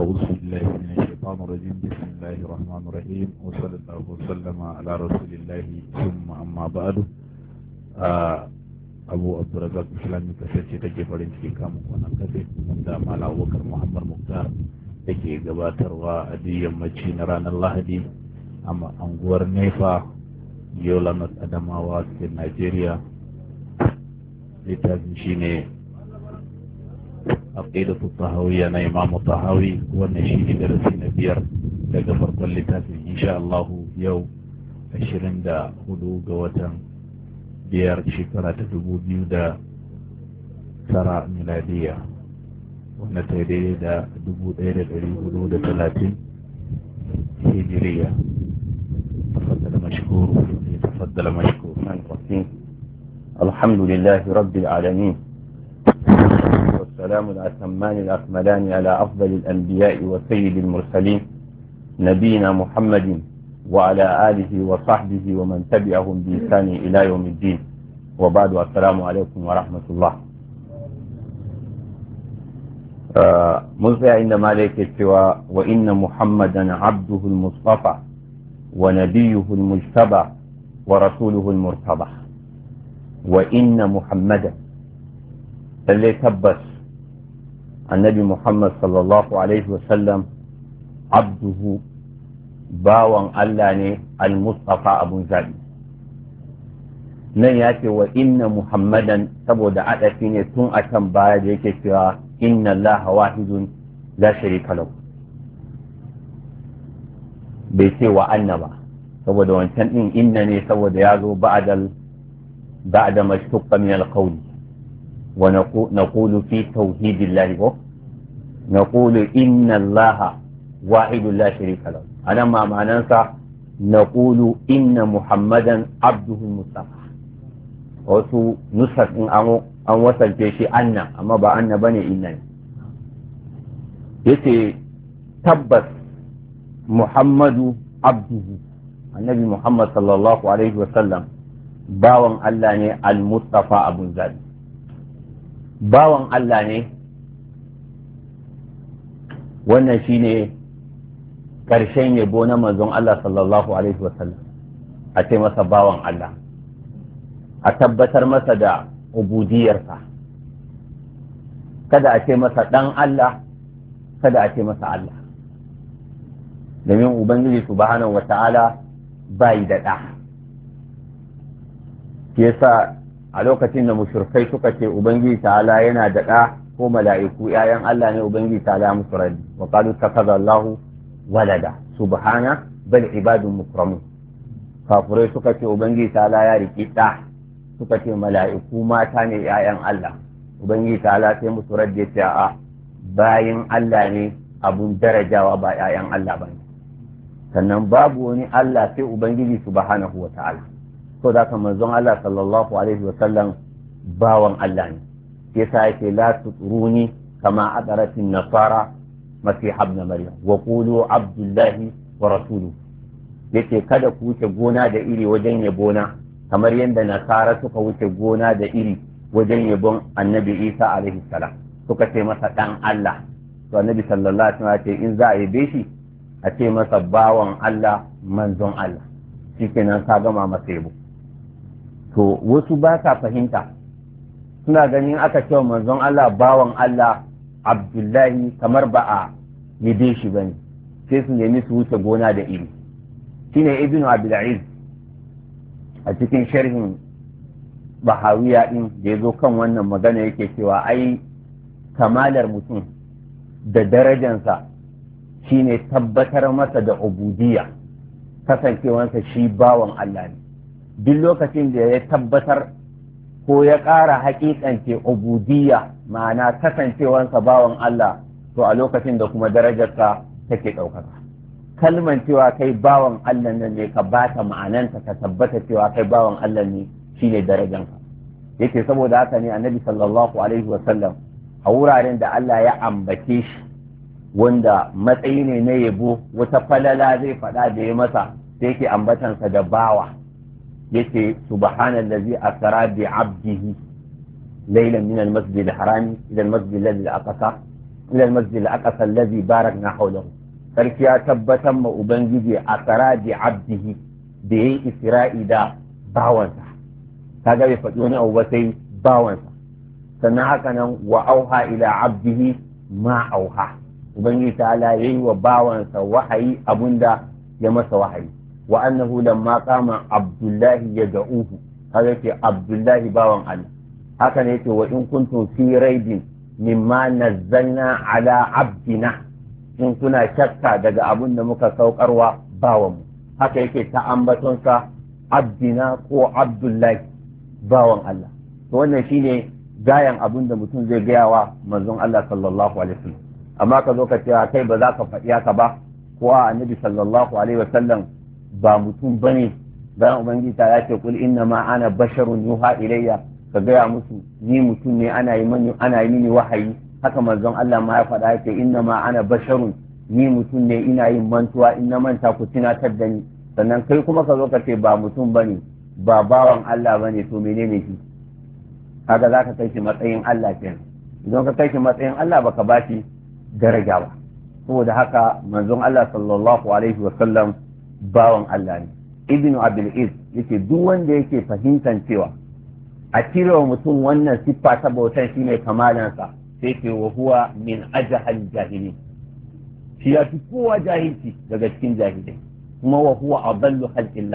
أعوذ بالله من الشيطان الرجيم بسم الله الرحمن الرحيم وصلى الله وسلم على رسول الله ثم أما بعد abu abdurrazak islamic kasar ce take farin ciki kamun wannan kasar da mala abubakar muhammad muktar da ke gabatarwa a duk yammaci na ranar lahadi a unguwar nefa yola adamawa Najeriya. nigeria littafin shine عقيدة الطهوية أنا إمام الطهوي ونشيد درس نبير لقفر كل إن شاء الله يوم عشرين دا خلو قوتن بير شكرة دبوديو دا سراء ميلادية ونتيري دا دبو دير غري غلو دا ثلاثين هجرية تفضل مشكور تفضل مشكور نعم، الحمد لله رب العالمين السلام الأتمان الأكملان على أفضل الأنبياء وسيد المرسلين نبينا محمد وعلى آله وصحبه ومن تبعهم بإنسان إلى يوم الدين وبعد السلام عليكم ورحمة الله آه، مرسى عند مالك السوى وإن محمدا عبده المصطفى ونبيه المجتبى ورسوله المرتبى وإن محمدا اللي تبس annabi muhammad sallallahu alaihi wasallam abduhu bawan allah ne al-mustafa abun zaɓi nan ya ce wa inna muhammadan saboda adafi ne tun a can baya da yake cewa inna allaha wahidun la sharika lahu bai ce wa anna ba saboda wancan din inna ne saboda ya zo ba'dal ba'da mashtuqqa min al ونقول في توحيد الله هو نقول إن الله واحد لا شريك له أنا ما معنى نقول إن محمدا عبده المصطفى wasu nusar ɗin an wasance shi anna amma ba anna ba ne inna ne yace tabbas muhammadu abduhu annabi muhammad sallallahu alaihi wasallam bawan allah ne al-mustafa abun zabi bawan Allah ne wannan shi ne ƙarshen yabo na manzon Allah sallallahu alaihi wasallam a ce masa bawan Allah a tabbatar masa da ubudiyarsa kada a ce masa ɗan Allah kada a ce masa Allah domin ubangiji subhanahu wata'ala bai da ɗa sa. a lokacin da mushurkai suka ce ubangiji ta'ala yana da ɗa ko mala'iku ƴaƴan Allah ne ubangiji ta'ala musu rani wa qalu takaza Allah walada subhana bal ibadun mukramu kafurai suka ce ubangiji ta'ala ya riki ɗa suka ce mala'iku mata ne ƴaƴan Allah ubangiji ta'ala sai musu ya ce a bayin Allah ne abun darajawa ba ƴaƴan Allah ba sannan babu wani Allah sai ubangiji subhanahu wa ta'ala so da ka manzon Allah sallallahu alaihi wa sallam bawan Allah ne yasa yake la tutruni kama adaratin nasara masih ibn maryam wa qulu abdullahi wa rasuluhu yace kada ku wuce gona da iri wajen yabona kamar yadda nasara suka wuce gona da iri wajen yabon annabi isa alaihi salam suka ce masa dan Allah to annabi sallallahu alaihi wasallam ce in za a yi shi a ce masa bawan Allah manzon Allah shi kenan ka gama masa yabo to wasu ba sa fahimta suna ganin aka cewa manzon Allah bawan Allah Abdullahi kamar ba a yabe shi ba ne sai su nemi su wuce gona da iri shine ibnu abdulaziz a cikin sharhin bahawiya din da ya zo kan wannan magana yake cewa ai kamalar mutum da darajansa shine tabbatar masa da ubudiyya kasancewansa shi bawan Allah ne duk lokacin da ya tabbatar ko ya ƙara haƙiƙance ubudiyya ma'ana kasancewansa bawan Allah to a lokacin da kuma darajarsa take ɗaukaka kalman cewa kai bawan Allah nan ne ka ba ta ma'ananta ka tabbata cewa kai bawan Allah ne shine darajanka yake saboda haka ne annabi sallallahu alaihi wasallam a wuraren da Allah ya ambace shi wanda matsayi ne na yabo wata falala zai faɗa da ya masa sai yake ambatansa da bawa yace subhanallazi asra bi abdihi laylan min almasjid alharam ila almasjid alladhi aqsa ila almasjid alaqsa alladhi barakna hawlahu sarki ya tabbatar ma ubangiji asra bi abdihi da yayi isra'i da bawansa kaga bai faɗi wani abu ba sai bawansa sannan haka nan wa auha ila abdihi ma auha ubangiji ta ala yayi wa bawansa wahayi abunda ya masa wahayi wa annahu lamma qama abdullahi yad'uhu kaga ce abdullahi bawan Allah haka ne yake wa in kuntum fi ra'idin mimma nazzalna ala abdina in kuna shakka daga abin da muka saukarwa bawan mu haka yake ta ambatonsa abdina ko abdullahi bawan Allah to wannan shine gayan abin da mutum zai gaya wa manzon Allah sallallahu alaihi wasallam amma ka zo ka ce kai ba za ka faɗi haka ba ko annabi sallallahu alaihi wasallam ba mutum bane bayan ubangiji ta yace kul inna ma ana basharun yuha ilayya ka gaya musu ni mutum ne ana yi mani ana yi mini wahayi haka manzon Allah ma ya faɗa yace inna ma ana basharun ni mutum ne ina yin mantuwa in na manta ku tunatar da ni sannan kai kuma ka zo ka ce ba mutum bane ba bawan Allah bane to menene shi kaga za ka kai shi matsayin Allah ke? idan ka kai shi matsayin Allah baka ba shi daraja ba saboda haka manzon Allah sallallahu alaihi wa sallam bawan Allah ne ibnu abdul iz yace duk wanda yake fahimtan cewa a cire wa mutum wannan siffa ta bautan shine kamalansa sai ke wa huwa min ajahal jahili shi ya fi kowa jahilci daga cikin jahilai kuma wa huwa adallu shi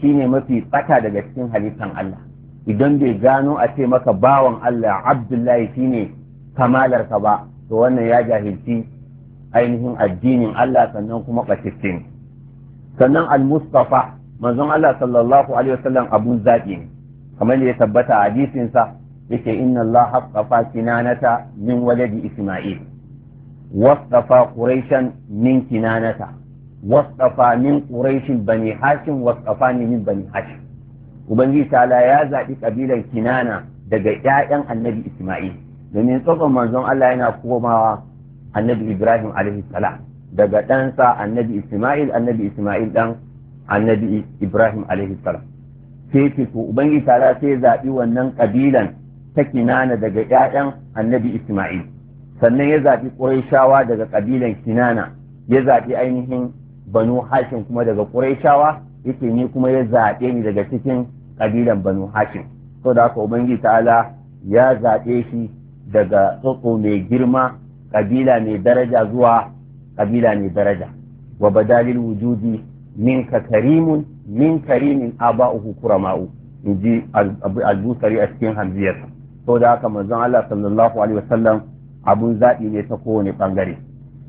shine mafi tsaka daga cikin halittan Allah idan bai gano a ce maka bawan Allah Abdullahi shine kamalarka ba to wannan ya jahilci ainihin addinin Allah sannan kuma ɓacicce ne sannan al-mustafa manzon Allah sallallahu alaihi wasallam abun zaɓi ne kamar da ya tabbata a hadisin sa yake inna Allah haqqafa kinanata min waladi Isma'il quraishan min kinanata min quraish bani hashim min bani hashim ubangiji ta'ala ya zaɓi kabilan kinana daga ƴaƴan annabi Isma'il domin tsokon manzon Allah yana komawa annabi Ibrahim alaihi salam daga ɗansa annabi Ismail annabi Ismail ɗan annabi Ibrahim alaihi salam sai ce to ubangi tara sai zaɓi wannan ƙabilan ta kinana daga ƴaƴan annabi Ismail sannan ya zaɓi ƙurayshawa daga ƙabilan kinana ya zaɓi ainihin banu hashim kuma daga ƙurayshawa yake ni kuma ya zaɓe ni daga cikin ƙabilan banu hashim so da haka ubangi ta'ala ya zaɓe shi daga tsotso mai girma ƙabila mai daraja zuwa kabila mai daraja wa dalil wujudi minka karimun min karimin aba'uhu kurama'u in ji albusari a cikin hamziyarsa to da haka manzon Allah sallallahu alaihi wasallam abun zaɓi ne ta kowane ɓangare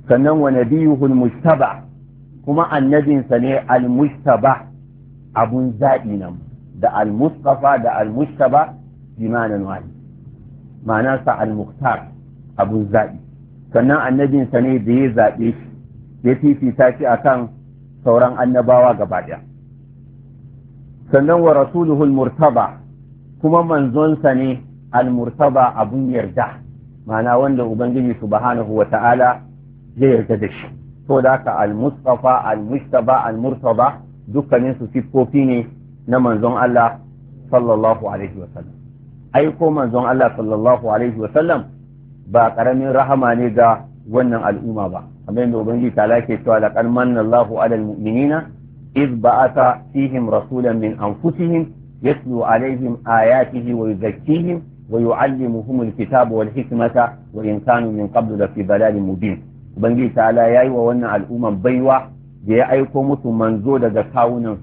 sannan wa nabiyuhul mujtaba kuma annabinsa ne al-mujtaba abun zaɓi nan da al-mustafa da al-mujtaba bimanan wahid al-mukhtar abun zaɓi sannan annabinsa ne da ya zaɓe shi ya fifita shi akan sauran annabawa gaba ɗaya sannan wa rasuluhul murtaba kuma manzonsa ne al-murtaba abun yarda ma'ana wanda ubangiji subhanahu wa ta'ala zai yarda da shi to da haka al-mustafa al-mustaba al-murtaba dukkanin su siffofi ne na manzon Allah sallallahu alaihi wa sallam aiko manzon Allah sallallahu alaihi wa sallam ba ƙaramin rahama ne ga wannan al'umma ba kamar yadda ubangiji ta lake cewa laqad manna Allahu 'alal mu'minina iz ba'atha fihim rasulan min anfusihim yatlu 'alaihim ayatihi wa yuzakkihim wa yu'allimuhum al-kitaba wal hikmata wa in kanu min qablu lafi dalalin mubin ubangiji ta ala yayi wa wannan al'umman baiwa da ya aiko musu manzo daga kawunan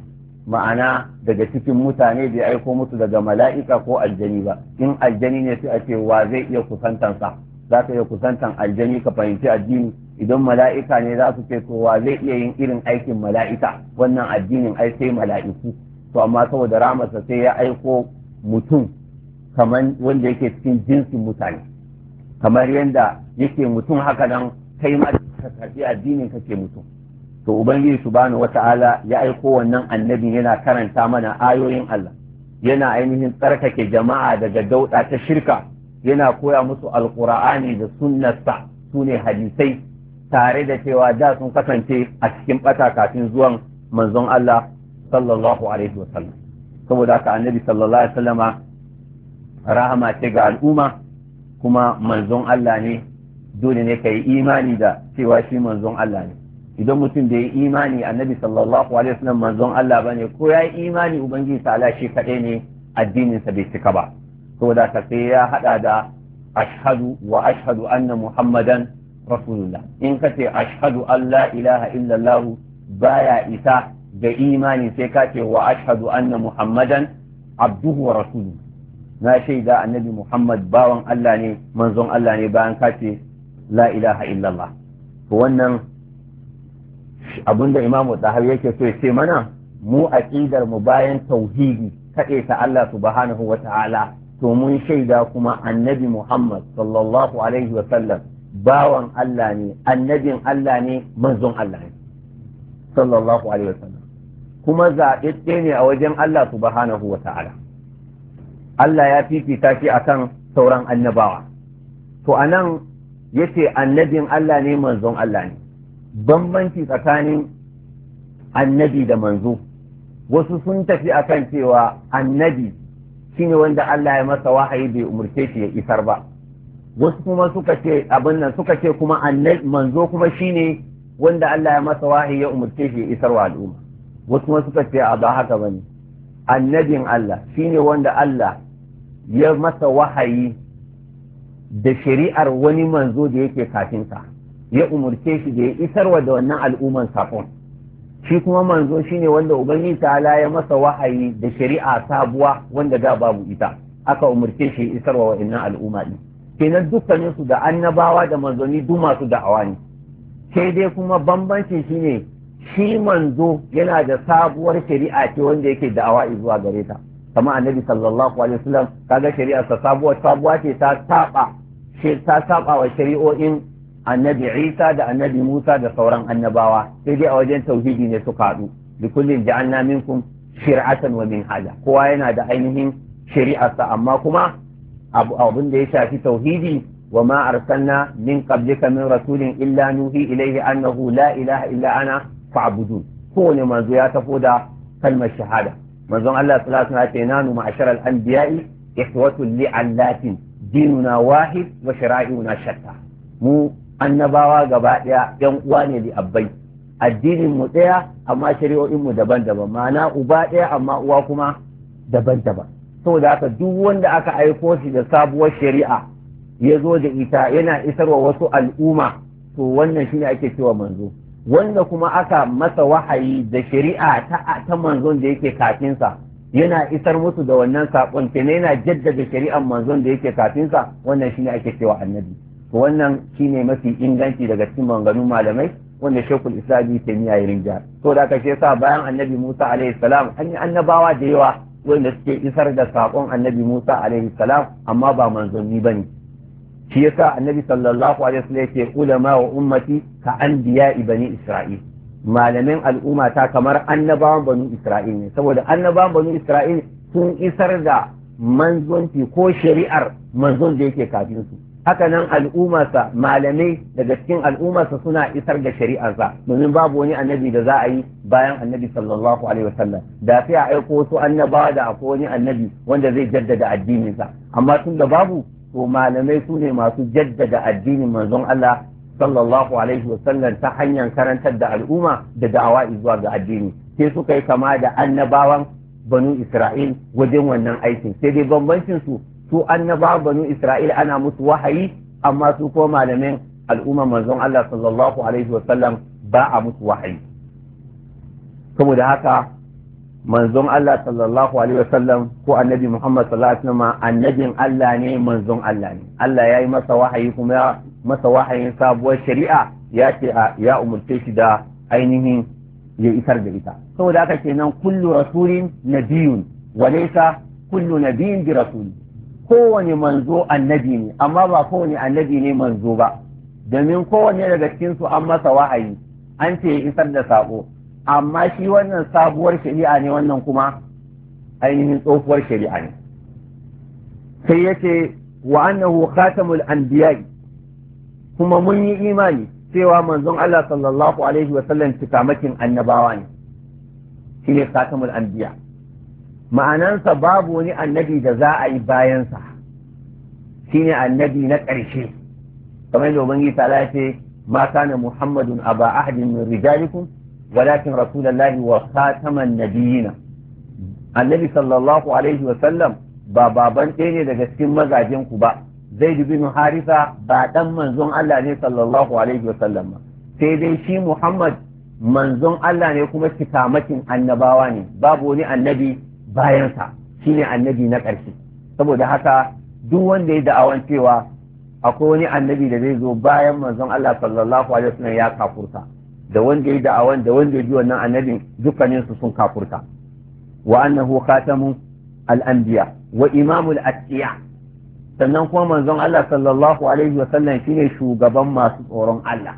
ma'ana daga cikin mutane da ya aiko musu daga mala'ika ko aljani ba in aljani ne sai a ce wa zai iya kusantansa za ka iya kusantan aljani ka fahimci addini idan mala'ika ne za su ce kowa zai iya yin irin aikin mala'ika wannan addinin ai sai mala'iku to amma saboda ramarsa sai ya aiko mutum kamar wanda yake cikin jinsin mutane kamar yadda yake mutum haka nan kai ma ka karbi addinin ka ke mutum to ubangiji subhanahu wata'ala ya aiko wannan annabi yana karanta mana ayoyin Allah yana ainihin tsarkake jama'a daga Dauda ta shirka yana koya musu alkur'ani da sunnarsa sune hadisai tare da cewa da sun kasance a cikin bata kafin zuwan manzon Allah sallallahu alaihi wasallam saboda haka annabi sallallahu alaihi wasallama rahama ce ga al'umma kuma manzon Allah ne dole ne ka yi imani da cewa shi manzon Allah ne idan mutum bai yi imani annabi sallallahu alaihi wasallam manzon Allah bane ko ya yi imani ubangiji ala shi kaɗai ne addininsa bai cika ba saboda da sai ya hada da ashhadu wa ashhadu anna muhammadan rasulullah in ka ce ashhadu an ilaha illallah baya isa ga imani sai ka ce wa ashhadu anna muhammadan abduhu wa rasuluhu na shaida annabi muhammad bawan Allah ne manzon Allah ne bayan ka ce la ilaha illallah to wannan abinda imamu tsahawi yake so ya ce mana mu aqidar mu bayan tauhidi kaɗe ta Allah subhanahu wa ta'ala to mun shaida kuma annabi Muhammad sallallahu alaihi wa sallam bawan Allah ne annabin Allah ne manzon Allah ne sallallahu alaihi wa sallam kuma zaɓaɓɓe ne a wajen Allah subhanahu wa ta'ala Allah ya fifita shi akan sauran annabawa to anan yace annabin Allah ne manzon Allah ne bambanci tsakanin annabi da manzo wasu sun tafi akan cewa annabi shine wanda Allah ya masa wahayi bai umurce shi ya isar ba wasu kuma suka ce abin nan suka ce kuma annabi manzo kuma shine wanda Allah ya masa wahayi ya umurce shi ya isar wa al'umma wasu kuma suka ce a ba haka bane annabin Allah shine wanda Allah ya masa wahayi da shari'ar wani manzo da yake kafinta ya umurce shi da ya isarwa da wannan al'umman sakon shi kuma manzo shine wanda ubangiji ta'ala ya masa wahayi da shari'a sabuwa wanda da babu ita aka umarce shi isarwa wa inna al'umma din kenan dukkanin su da annabawa da manzoni duk masu da'awa ne sai dai kuma bambancin shine shi manzo yana da sabuwar shari'a ce wanda yake da'awa zuwa gare ta kama annabi sallallahu alaihi wasallam kaga shari'arsa sabuwar sabuwa ce ta saba ta saba wa shari'o'in annabi isa da annabi musa da sauran annabawa sai dai a wajen tauhidi ne suka haɗu da kullum ja'alna minkum shir'atan wa minhaja kowa yana da ainihin shari'arsa amma kuma abun da ya shafi tauhidi wa ma arsalna min qablika min rasulin illa nuhi ilayhi annahu la ilaha illa ana fa'budun kowane manzo ya tafi da kalmar shahada manzon Allah sallallahu alaihi wasallam ya ce nanu ma'asharal anbiya'i ihwatu li'allatin dinuna wahid wa shara'i'una shatta mu annabawa gaba ɗaya yan uwa ne da abbai addinin mu ɗaya amma shari'o'in mu daban-daban ma'ana uba ɗaya amma uwa kuma daban-daban saboda haka duk wanda aka aiko shi da sabuwar shari'a ya zo da ita yana isarwa wasu al'umma to wannan shine ake cewa manzo wanda kuma aka masa wahayi da shari'a ta, ta manzon da yake kafinsa yana isar musu da wannan saƙon kenan yana jaddada shari'ar manzon da yake kafinsa wannan shine ake cewa annabi wannan shine mafi inganci daga cikin maganganun malamai wanda shekul islam ibn taymiya ya rinja to da kace sa bayan annabi musa alaihi salam an yi annabawa da yawa wanda suke isar da sakon annabi musa alaihi salam amma ba manzanni bane shi yasa annabi sallallahu alaihi wasallam yake ulama wa ummati ka anbiya bani isra'il malamin al'umma ta kamar annabawan banu isra'il ne saboda annabawan banu isra'il sun isar da manzonci ko shari'ar manzon da yake kafin su haka nan al'ummarsa malamai daga cikin al'ummarsa suna isar da shari'arsa domin babu wani annabi da za a yi bayan annabi sallallahu alaihi wasallam da sai a aiko wasu annabawa da akwai wani annabi wanda zai jaddada addininsa amma tun da babu to malamai su ne masu jaddada addinin manzon Allah sallallahu alaihi wasallam ta hanyar karantar da al'umma da da'awa zuwa ga addini sai suka yi kama da annabawan banu Isra'il wajen wannan aikin sai dai bambancin su su annaba banu isra'ila ana musu wahayi amma su ko malamin al'umma manzon Allah sallallahu alaihi wasallam ba a musu wahayi saboda haka manzon Allah sallallahu alaihi sallam ko annabi Muhammad sallallahu alaihi annabin Allah ne manzon Allah ne Allah ya yi masa wahayi kuma ya masa wahayin sabuwar shari'a ya ce ya umurce shi da ainihin ya isar da ita saboda haka kenan kullu rasulin nabiyun wa laysa kullu nabiyyin bi rasul kowane manzo annabi ne amma ba kowane annabi ne manzo ba domin kowane daga cikinsu an masa wa'ayi, an ce isar da saƙo. amma shi wannan sabuwar shari'a ne wannan kuma ainihin tsohuwar shari'a ne sai ya yace wa annahu khatamul anbiya kuma mun yi imani cewa manzon Allah sallallahu alaihi wa sallam cikamakin annabawa ne shine khatamul anbiya' ma'anansa babu wani annabi da za a yi bayansa shine annabi na ƙarshe kamar da ubangiji ta ce ma kana muhammadun aba ahadin min rijalikum walakin rasulullahi wa khataman nabiyina annabi sallallahu alaihi wa sallam ba baban ɗaya ne daga cikin mazajen ku ba zaid bin harisa ba dan manzon Allah ne sallallahu alaihi wa sallam sai dai shi muhammad manzon Allah ne kuma cikamakin annabawa ne babu wani annabi bayansa ne annabi na ƙarshe saboda haka duk wanda ya da'awan cewa akwai wani annabi da zai zo bayan manzon Allah sallallahu alaihi wasallam ya kafurta da wanda ya da'awan da wanda ya ji wannan annabin dukkanin su sun kafurta wa annahu khatamu al-anbiya wa imamul atiya sannan kuma manzon Allah sallallahu alaihi wasallam shine shugaban masu tsoron Allah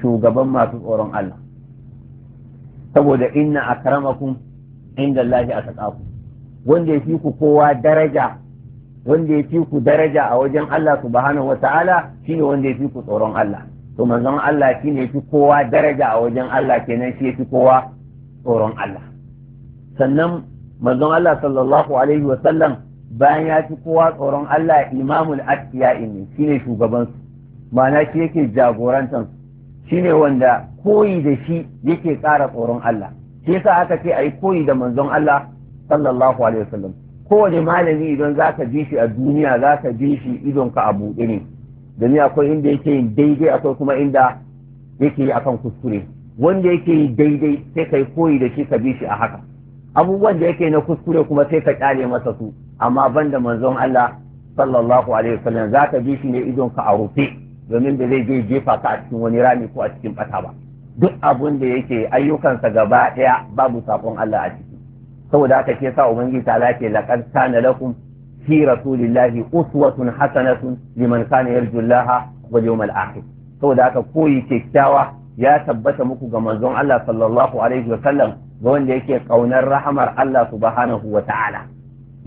shugaban masu tsoron Allah saboda inna akramakum inda lahi a sakaku wanda ya fi ku kowa daraja wanda ya fi ku daraja a wajen Allah subhanahu wa ta'ala shine wanda ya fi ku tsoron Allah to manzon Allah shine ya fi kowa daraja a wajen Allah kenan shi ya fi kowa tsoron Allah sannan manzon Allah sallallahu alaihi wa sallam bayan ya fi kowa tsoron Allah imamul atqiya ne shine shugaban su ma'ana shi yake Shi ne wanda koyi da shi yake tsara tsoron Allah shi yasa aka ce yi koyi da manzon Allah sallallahu alaihi wasallam kowane malami idan zaka ji shi a duniya zaka ji shi idon ka a buɗe ne domin akwai inda yake yin daidai akwai kuma inda yake yi akan kuskure wanda yake yi daidai sai kai koyi da shi ka bi shi a haka abubuwan da yake na kuskure kuma sai ka kyale masa su amma banda manzon Allah sallallahu alaihi wasallam zaka bi shi ne idon ka a rufe domin da zai je jefa ka a cikin wani rami ko a cikin bata ba duk abun da yake ayyukansa gaba ɗaya babu saƙon Allah a ciki saboda haka ke sa ubangiji ta lafiya laqad kana lakum fi rasulillahi uswatun hasanatun liman kana yarju Allah wal yawmal akhir saboda haka koyi kyakkyawa ya tabbata muku ga manzon Allah sallallahu alaihi wa sallam ga wanda yake kaunar rahamar Allah subhanahu wa ta'ala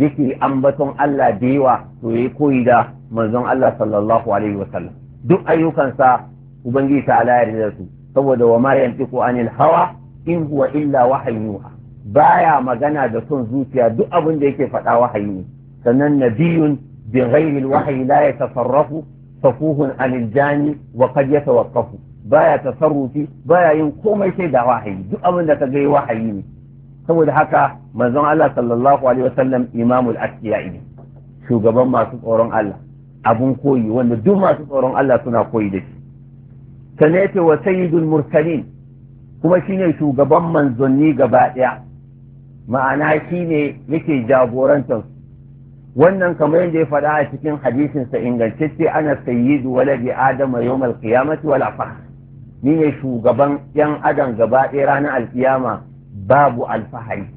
yake ambaton Allah da yawa to yayi koyi da manzon Allah sallallahu alaihi wa sallam duk ayyukansa ubangiji ta ala yarda da su saboda wa ma yantiqu anil hawa in huwa illa wahayi baya magana da son zuciya duk abin da yake faɗa wahayi ne sannan nabiyun bi ghairi alwahyi la yatasarrafu safuhun anil jani wa qad yatawaqqafu baya tasarrufi baya yin komai sai da wahayi duk abin da ka ga wahayi ne saboda haka manzon Allah sallallahu alaihi wasallam imamul askiya, ne shugaban masu tsoron Allah abun koyi wanda duk masu tsoron Allah suna koyi da shi sannan ya wa sayyidul mursalin kuma shine shugaban manzanni gaba ɗaya ma'ana shine yake jagorantar wannan kamar yadda ya faɗa a cikin hadisinsa ingantacce ana sayyidu waladi adama yawmal qiyamati wala fa ni ne shugaban yan adam gaba ɗaya ranar alkiyama babu alfahari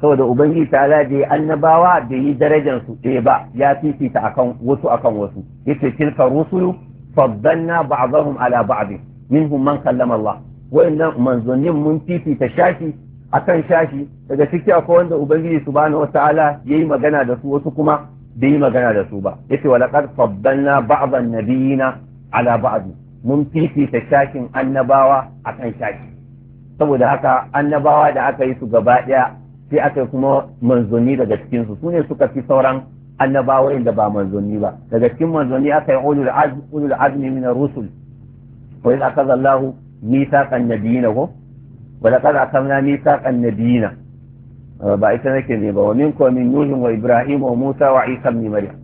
saboda ubangiji ta alaje annabawa bai yi darajar su ɗaya ba ya fifita akan wasu akan wasu yace tilka rusulu faddalna ba'dahum ala ba'd minhum man kallama Allah wa'annan manzonin mun fifita shashi akan shashi daga ciki akwai wanda ubangiji subhanahu wataala yayi magana da su wasu kuma bai yi magana da su ba yace wa laqad faddalna ba'dan nabiyina ala ba'd mun fifita shashin annabawa akan shashi saboda haka annabawa da aka yi su gaba ɗaya sai aka yi kuma manzoni daga cikinsu su sune suka fi sauran annabawa inda ba manzanni ba daga cikin manzanni aka yi ulul azmi ulul azmi min ar-rusul wa idza qala Allah mithaqan nabiyina ko wa laqad akamna mithaqan nabiyina ba ita nake ne ba wa minkum min nuh wa ibrahim wa musa wa isa ibn maryam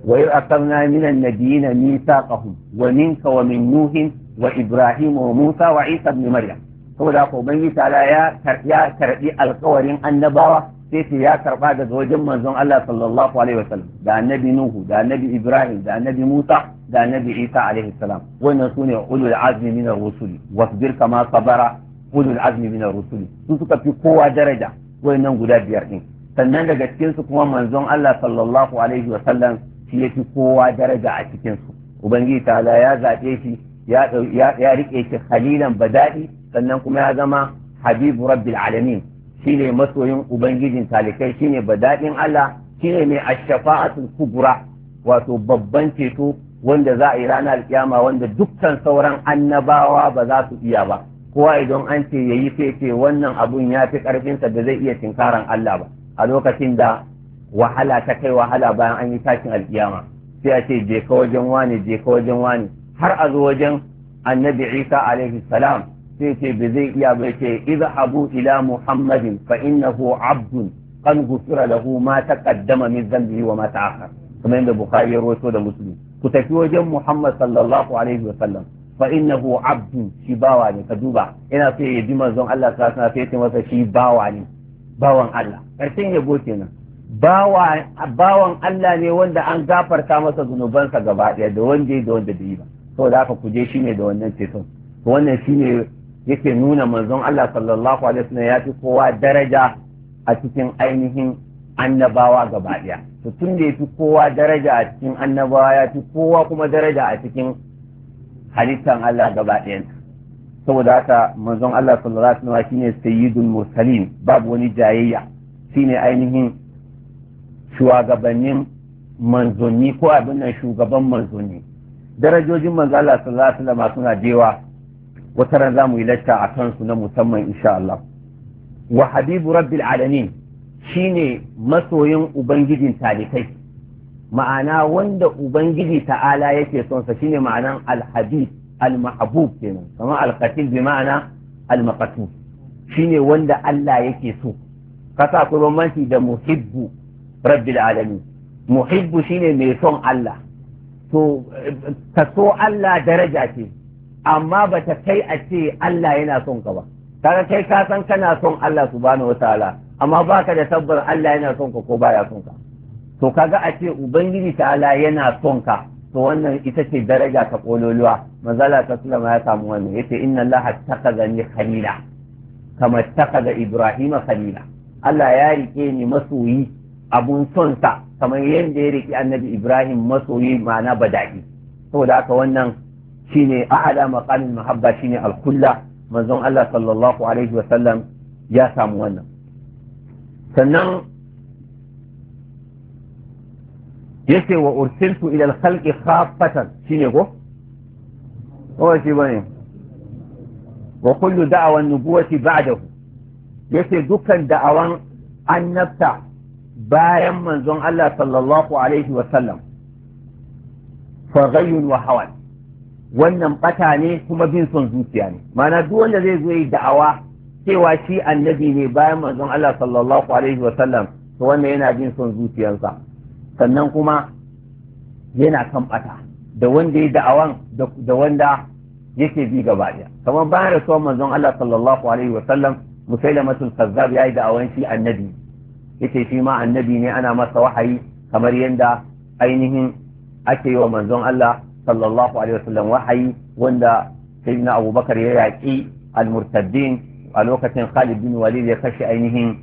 وإذ أخذنا من النبيين ميثاقهم ومنك ومن نوح وإبراهيم وموسى sai ce ya karba daga wajen manzon Allah sallallahu alaihi wasallam da annabi Nuhu da annabi Ibrahim da annabi Musa da annabi Isa alaihi salam wannan sune ulul azmi min ar-rusuli wasbir kama sabara ulul azmi min ar su suka fi kowa daraja wayannan guda biyar din sannan daga cikin su kuma manzon Allah sallallahu alaihi wasallam shi yafi kowa daraja a cikin su ubangiji ta'ala ya zabe shi ya ya rike shi khalilan badadi sannan kuma ya zama habibu rabbil alamin shine masoyin ubangijin talikai shine daɗin Allah shine mai ashfa'atul kubra wato babban ceto wanda za a yi ranar alkiyama wanda dukkan sauran annabawa ba za su iya ba kowa idan an ce yayi sai wannan abun ya fi karfinsa da zai iya tinkaran Allah ba a lokacin da wahala ta kai wahala bayan an yi tashin alkiyama sai a ce je ka wajen wani je ka wajen wani har a zo wajen annabi Isa alaihi salam sai ce ba zai iya ba ce izhabu ila muhammadin fa innahu abdun kan gusura lahu ma taqaddama min dhanbihi wa ma ta'akhkhar kamar yadda bukhari ya rawaito da muslim ku tafi wajen muhammad sallallahu alaihi wa sallam fa innahu abdun shi bawa ne ka duba ina so ya ji manzon Allah sallallahu sana wa sallam sai ya ce masa shi bawa ne bawan Allah karshen yabo kenan bawan Allah ne wanda an gafarta masa zunubansa gaba ɗaya da wanda da wanda bai ba saboda haka kuje shine da wannan ceton wannan shine yake nuna manzon Allah sallallahu alaihi wasallam ya fi kowa daraja a cikin ainihin annabawa gaba daya to tun da ya fi kowa daraja a cikin annabawa ya fi kowa kuma daraja a cikin halittan Allah gaba daya saboda haka manzon Allah sallallahu alaihi wasallam shine sayyidul mursalin babu wani jayayya shine ainihin shugabannin manzoni ko abin nan shugaban manzoni. darajojin manzo Allah sallallahu alaihi wasallam suna da yawa wata ran za mu yi lacca a kansu na musamman insha Allah wa habibu rabbil alamin shine masoyin ubangijin talikai ma'ana wanda ubangiji ta'ala yake son sa shine ma'anan alhabib almahbub kenan kamar alqatil bi ma'ana almaqtul shine wanda Allah yake so kasa akwai da muhibbu rabbil alamin muhibbu shine mai son Allah to eh, eh, kaso Allah daraja ce amma ba ta kai a ce Allah yana son ka ba kaga kai ka san kana son Allah subhanahu wataala amma baka da tabbar Allah yana son ka ko baya son ka to kaga a ce ubangiji ala yana son ka to wannan ita ce daraja ta kololuwa manzala ta sallama ya samu wannan yace inna Allah takaza ni khalila kama takaza Ibrahim khalila Allah ya rike ni masoyi abun son sa kamar yadda ya rike annabi Ibrahim masoyi ma'ana badaki saboda haka wannan shine ahada maqamin mahabba shine al-kulla manzon Allah sallallahu alaihi wa sallam ya samu wannan sannan yace wa ursiltu ila al-khalqi khaffatan shine ko ko shi bane wa kullu da'awan nubuwati ba'dahu yace dukkan da'awan annabta bayan manzon Allah sallallahu alaihi wa sallam fa ghayyun wa hawan wannan bata ne kuma bin son zuciya ne mana duk wanda zai zo yi da'awa cewa shi annabi ne bayan manzon Allah sallallahu alaihi wa sallam to wannan yana bin son zuciyarsa sannan kuma yana kan bata da wanda ya da'awan da wanda yake bi gaba daya kamar bayan rasuwar manzon Allah sallallahu alaihi wa sallam musailamatul kazzab yayi da'awan shi annabi yake shi ma annabi ne ana masa wahayi kamar yadda ainihin ake yi wa manzon Allah sallallahu alaihi wasallam wahayi wanda sayyidina abubakar ya yaƙi almurtaddin a lokacin khalid bin walid ya kashe ainihin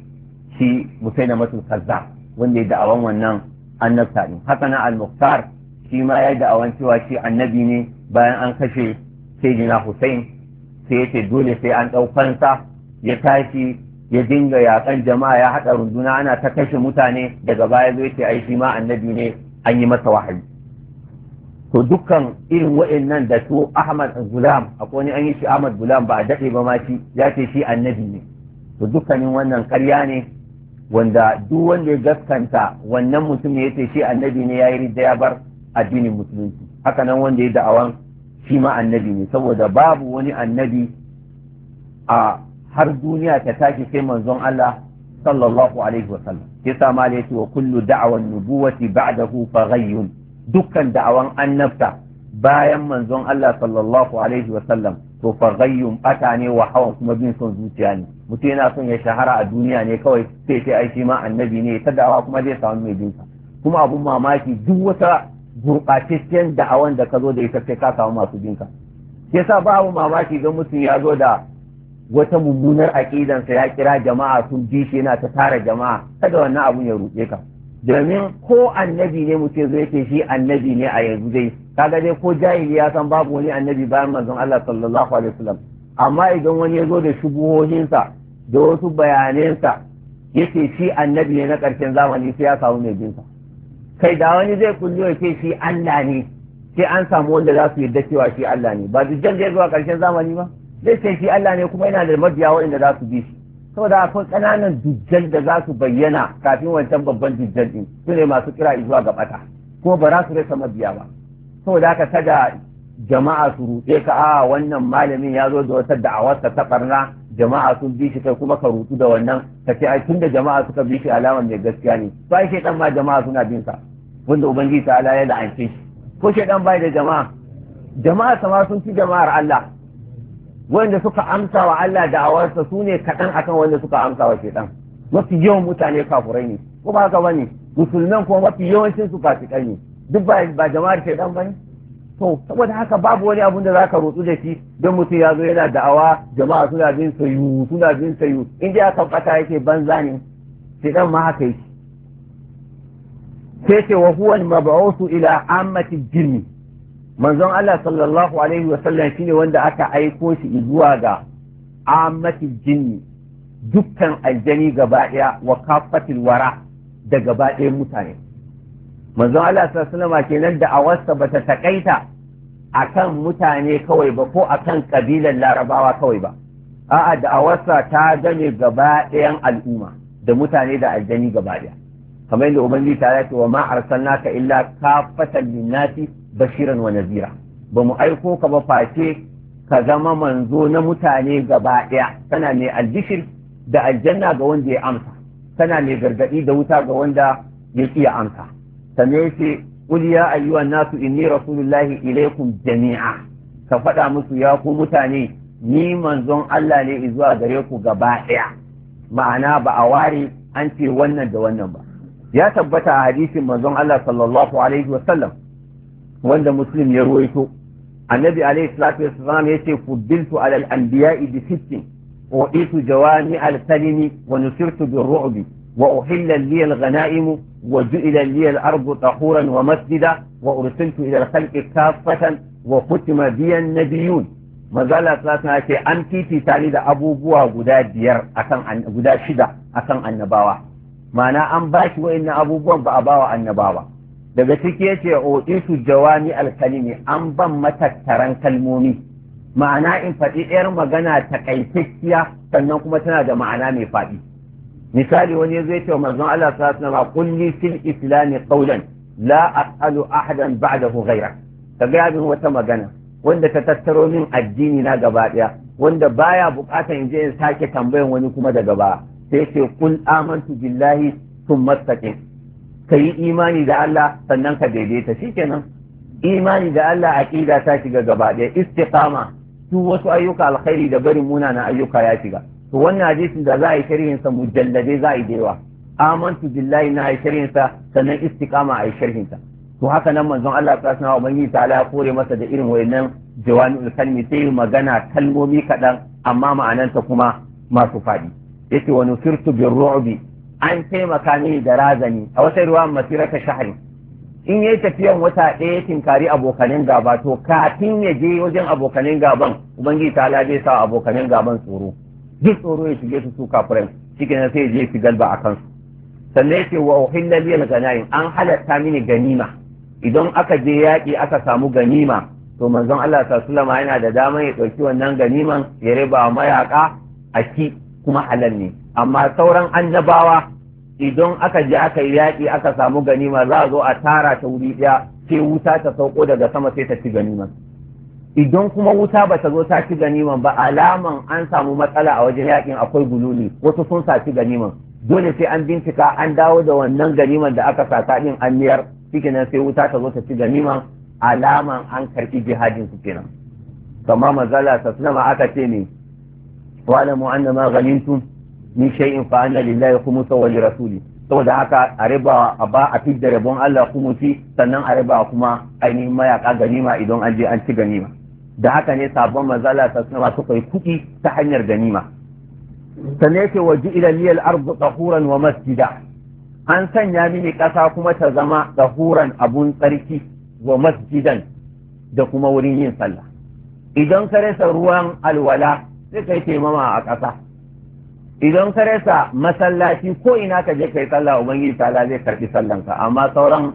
shi musailamatul kazzab wanda ya da'awan wannan annabta ne hasana na shi ma ya da'awan cewa shi annabi ne bayan an kashe sayyidina hussein sai yace dole sai an ɗau ya tashi ya dinga yakan jama'a ya haɗa runduna ana ta kashe mutane daga baya zai ce ai shi ma annabi ne an yi masa wahayi to dukkan irin wa'annan da su Ahmad Gulam akwai wani an yi shi Ahmad Gulam ba a daɗe ba ma shi ya ce shi annabi ne to dukkanin wannan ƙarya ne wanda duk wanda ya gaskanta wannan mutum ya ce shi annabi ne ya yi ridda ya bar addinin musulunci haka nan wanda ya da'awan shi ma annabi ne saboda babu wani annabi a har duniya ta tashi sai manzon Allah sallallahu alaihi wa sallam sai sa ma ya ce wa kullu da'awan nubuwati ba'dahu faghayyun dukkan da'awan annabta bayan manzon Allah sallallahu alaihi wa sallam to fargayyun bata ne wa hawan kuma bin son zuciya ne mutum yana son ya shahara a duniya ne kawai sai sai ai shi ma annabi ne ta da'awa kuma zai samu mai binka. kuma abun mamaki duk wata gurɓataccen da'awan da ka zo da ita sai ka samu masu binka. sai sa babu mamaki ga mutum ya zo da wata mummunar aƙidansa ya kira jama'a sun bi shi yana ta tara jama'a kada wannan abun ya ruɗe ka domin ko annabi ne mutum zai ce shi annabi ne a yanzu dai kaga dai ko jahili ya san babu wani annabi bayan manzon Allah sallallahu alaihi wasallam amma idan wani ya zo da shubuhohinsa da wasu bayanansa yace shi annabi ne na karshen zamani sai ya samu mai binsa kai da wani zai kulli ya ce shi Allah ne sai an samu wanda za su yarda cewa shi Allah ne ba dukkan zai zuwa karshen zamani ba zai ce shi Allah ne kuma yana da mabiya waɗanda za su bi shi saboda akwai ƙananan dujjal da za su bayyana kafin wancan babban dujjal din su ne masu kira zuwa ga bata kuma ba za su rasa mabiya ba saboda haka kada jama'a su rutse ka a wannan malamin ya zo da wata da'awarsa ta barna jama'a sun bi shi kai kuma ka rutu da wannan ka ce ai tunda jama'a suka bi shi alama mai gaskiya ne ba shi dan ma jama'a suna bin sa wanda ubangiji ta ala ya la'ance ko shi dan bai da jama'a jama'a sama sun ci jama'ar Allah wanda suka amsa wa Allah da'awarsa su ne kaɗan akan wanda suka amsa wa shaitan mafi yawan mutane kafurai ne ko ba haka bane musulman kuma mafi yawancin su fasikai ne duk ba ba jama'ar shaitan bane to saboda haka babu wani abun da ka rutsu da shi don mutum ya zo yana da'awa jama'a suna jin sayu suna jin sayu in dai aka fata yake banza ne shaitan ma haka yake sai ce wa huwa al ila ammati jinni manzon Allah sallallahu alaihi wasallam shine wanda aka aiko shi zuwa ga ammatil jinni dukkan aljani gaba ɗaya wa kafatil wara da gaba ɗayan mutane manzon Allah sallallahu alaihi kenan da awarsa bata takaita akan mutane kawai ba ko akan kabilan larabawa kawai ba a'a da awarsa ta game gaba al'umma da mutane da aljani gaba ɗaya kamar yadda ubangiji ta ce wa ma arsalnaka illa kafatan linnasi bashiran wa nazira ba mu aiko ka ba face ka zama manzo na mutane gabaɗaya. kana mai albishir da aljanna ga wanda ya amsa kana mai gargaɗi da wuta ga wanda ya iya amsa sannan ya ce qul ya ayyuhan nasu inni rasulullahi ilaikum jami'a ka faɗa musu ya ku mutane ni manzon Allah ne in zuwa gare ku gabaɗaya. ma'ana ba a ware an ce wannan da wannan ba ya tabbata a hadisin manzon Allah sallallahu alaihi wa wanda muslim ya ruwaito annabi alayhi salatu wassalam yace ku biltu alal anbiya'i bi sittin wa itu jawani al salimi wa nusirtu bi ru'bi wa uhilla li al ghanaim wa ju'ila li al ardu wa masjida wa ursiltu ila al khalqi kaffatan wa kutima bi an nabiyyun mazala salatu yace an titi tani da abubuwa guda biyar guda shida akan annabawa ma'ana an bashi wa'annan abubuwan ba a bawa annabawa daga ciki yace utitu jawami alkalimi an ban matattaran kalmomi ma'ana in faɗi ɗayar magana takaitacciya sannan kuma tana da ma'ana mai faɗi misali wani ya zai ce wa manzon Allah sallallahu alaihi wasallam kulli fil islami qawlan la as'alu ahadan ba'dahu ghayra ka ga wata magana wanda ta tattaro min addini na gaba ɗaya wanda baya buƙatar in je in sake tambayan wani kuma daga ba sai ce kul amantu billahi thumma istaqim ka yi imani da Allah sannan ka daidaita shikenan imani da Allah aqida ta shiga gaba ɗaya istiqama su wasu ayyuka alkhairi da barin munana ayyuka ya shiga to wannan hadisin da za a yi sharhin sa mujalladai za a yi dewa amantu billahi na yi sharhin sa sannan istiqama a yi sharhin sa to haka nan manzon Allah ta sanar wa bangi ta ya kore masa da irin wayannan jawami'ul kalmi sai magana kalmomi kaɗan amma ma'ananta kuma masu faɗi yace wa nusirtu birru'bi an taimaka mini da razani a wata ruwa masirata shahari in yayi tafiyan wata ɗaya ya tinkari abokanin gaba to kafin ya je wajen abokanin gaban ubangiji ta zai sa abokanin gaban tsoro duk tsoro ya shige su su kafiran cikin sai je shi galba a kansu sannan yake wa uhilla liyal ganaim an halatta mini ganima idan aka je yaki aka samu ganima to manzon Allah sallallahu alaihi yana da damar ya ɗauki wannan ganiman ya riba mayaka a ki kuma halal ne amma sauran annabawa idan aka je aka yi yaƙi aka samu ganima za a zo a tara ta wuri ɗaya sai wuta ta sauko daga sama sai ta ci ganima idan kuma wuta ba ta zo ta ci ganima ba alaman an samu matsala a wajen yaƙin akwai gululi wasu sun saci ganiman dole sai an bincika an dawo da wannan ganiman da aka saka din an cikin nan sai wuta ta zo ta ci ganiman alaman an karɓi jihadin su kenan kamar mazala ta aka ce ne wa'lamu anna ma ghanimtum min shay'in fa anna lillahi khumsa rasuli saboda haka a riba a ba a fidda rabon Allah khumusi sannan a riba kuma ainihin mayaka ganima idan an je an ci ganima da haka ne sabon mazala ta sama suka yi kuɗi ta hanyar ganima sannan yake wa ju'ila liyal ardu wa masjida an sanya mini ƙasa kuma ta zama tahuran abun tsarki wa masjidan da kuma wurin yin sallah idan ka rasa ruwan alwala sai kai taimama a ƙasa idan ka rasa masallaci ko ina ka je kai sallah ubangiji ta zai karɓi sallanka amma sauran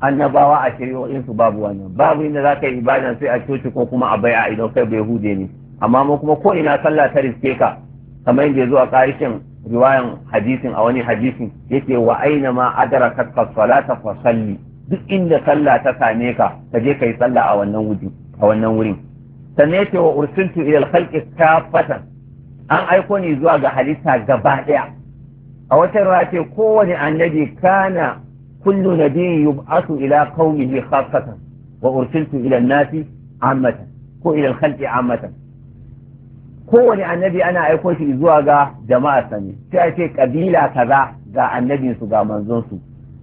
annabawa a shari'o'in su babu wannan babu inda za ka yi ibadan sai a coci ko kuma a bai'a idan kai bai hude ne amma mu kuma ko ina sallah ta riske ka kamar yadda zuwa karishin riwayan hadisin a wani hadisin yake wa aina ma adara ka salata fa salli duk inda sallah ta same ka ka je kai sallah a wannan wuri a wannan wurin sannan ce wa ursiltu ila al-khalqi kafatan an aiko ni zuwa ga halitta gaba daya a wata ruwa ce kowane annabi kana kullu nabiyin yub'asu ila qaumihi khaffatan wa ursiltu ila an-nasi ammatan ko ila al-khalqi ammatan kowane annabi ana aiko shi zuwa ga jama'a sani sai a ce kabila kaza ga annabinsu ga manzonsu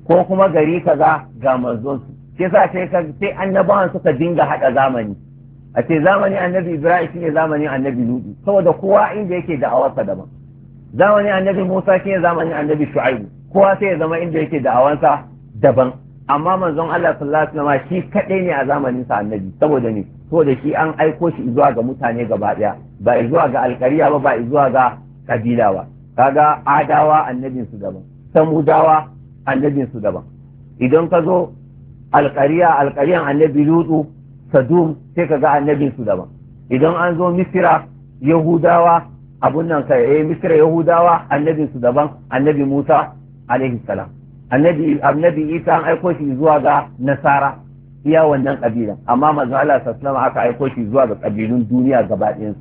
ko kuma gari kaza ga manzonsu sai sa sai annabawan suka dinga hada zamani a ce zamani annabi ibrahim shine zamanin annabi nuhu saboda kowa inda yake da'awarsa daban zamanin annabi musa shine zamanin annabi shu'aibu kowa sai ya zama inda yake da'awansa daban amma manzon Allah sallallahu alaihi wasallam shi kadai ne a zamanin sa annabi saboda ne saboda shi an aiko shi zuwa ga mutane gaba daya ba zuwa ga alkariya ba ba zuwa ga kabila ba kaga adawa annabin su daban samudawa annabin su daban idan ka zo alkariya alkariyan annabi lutu sadum sai ka ga annabin su daban idan an zo misira yahudawa abun nan ka eh misira yahudawa annabin su daban annabi musa alaihi salam annabi annabi isa an aiko shi zuwa ga nasara iya wannan kabila amma manzo Allah sallallahu alaihi aka aiko shi zuwa ga kabilun duniya gaba ɗayan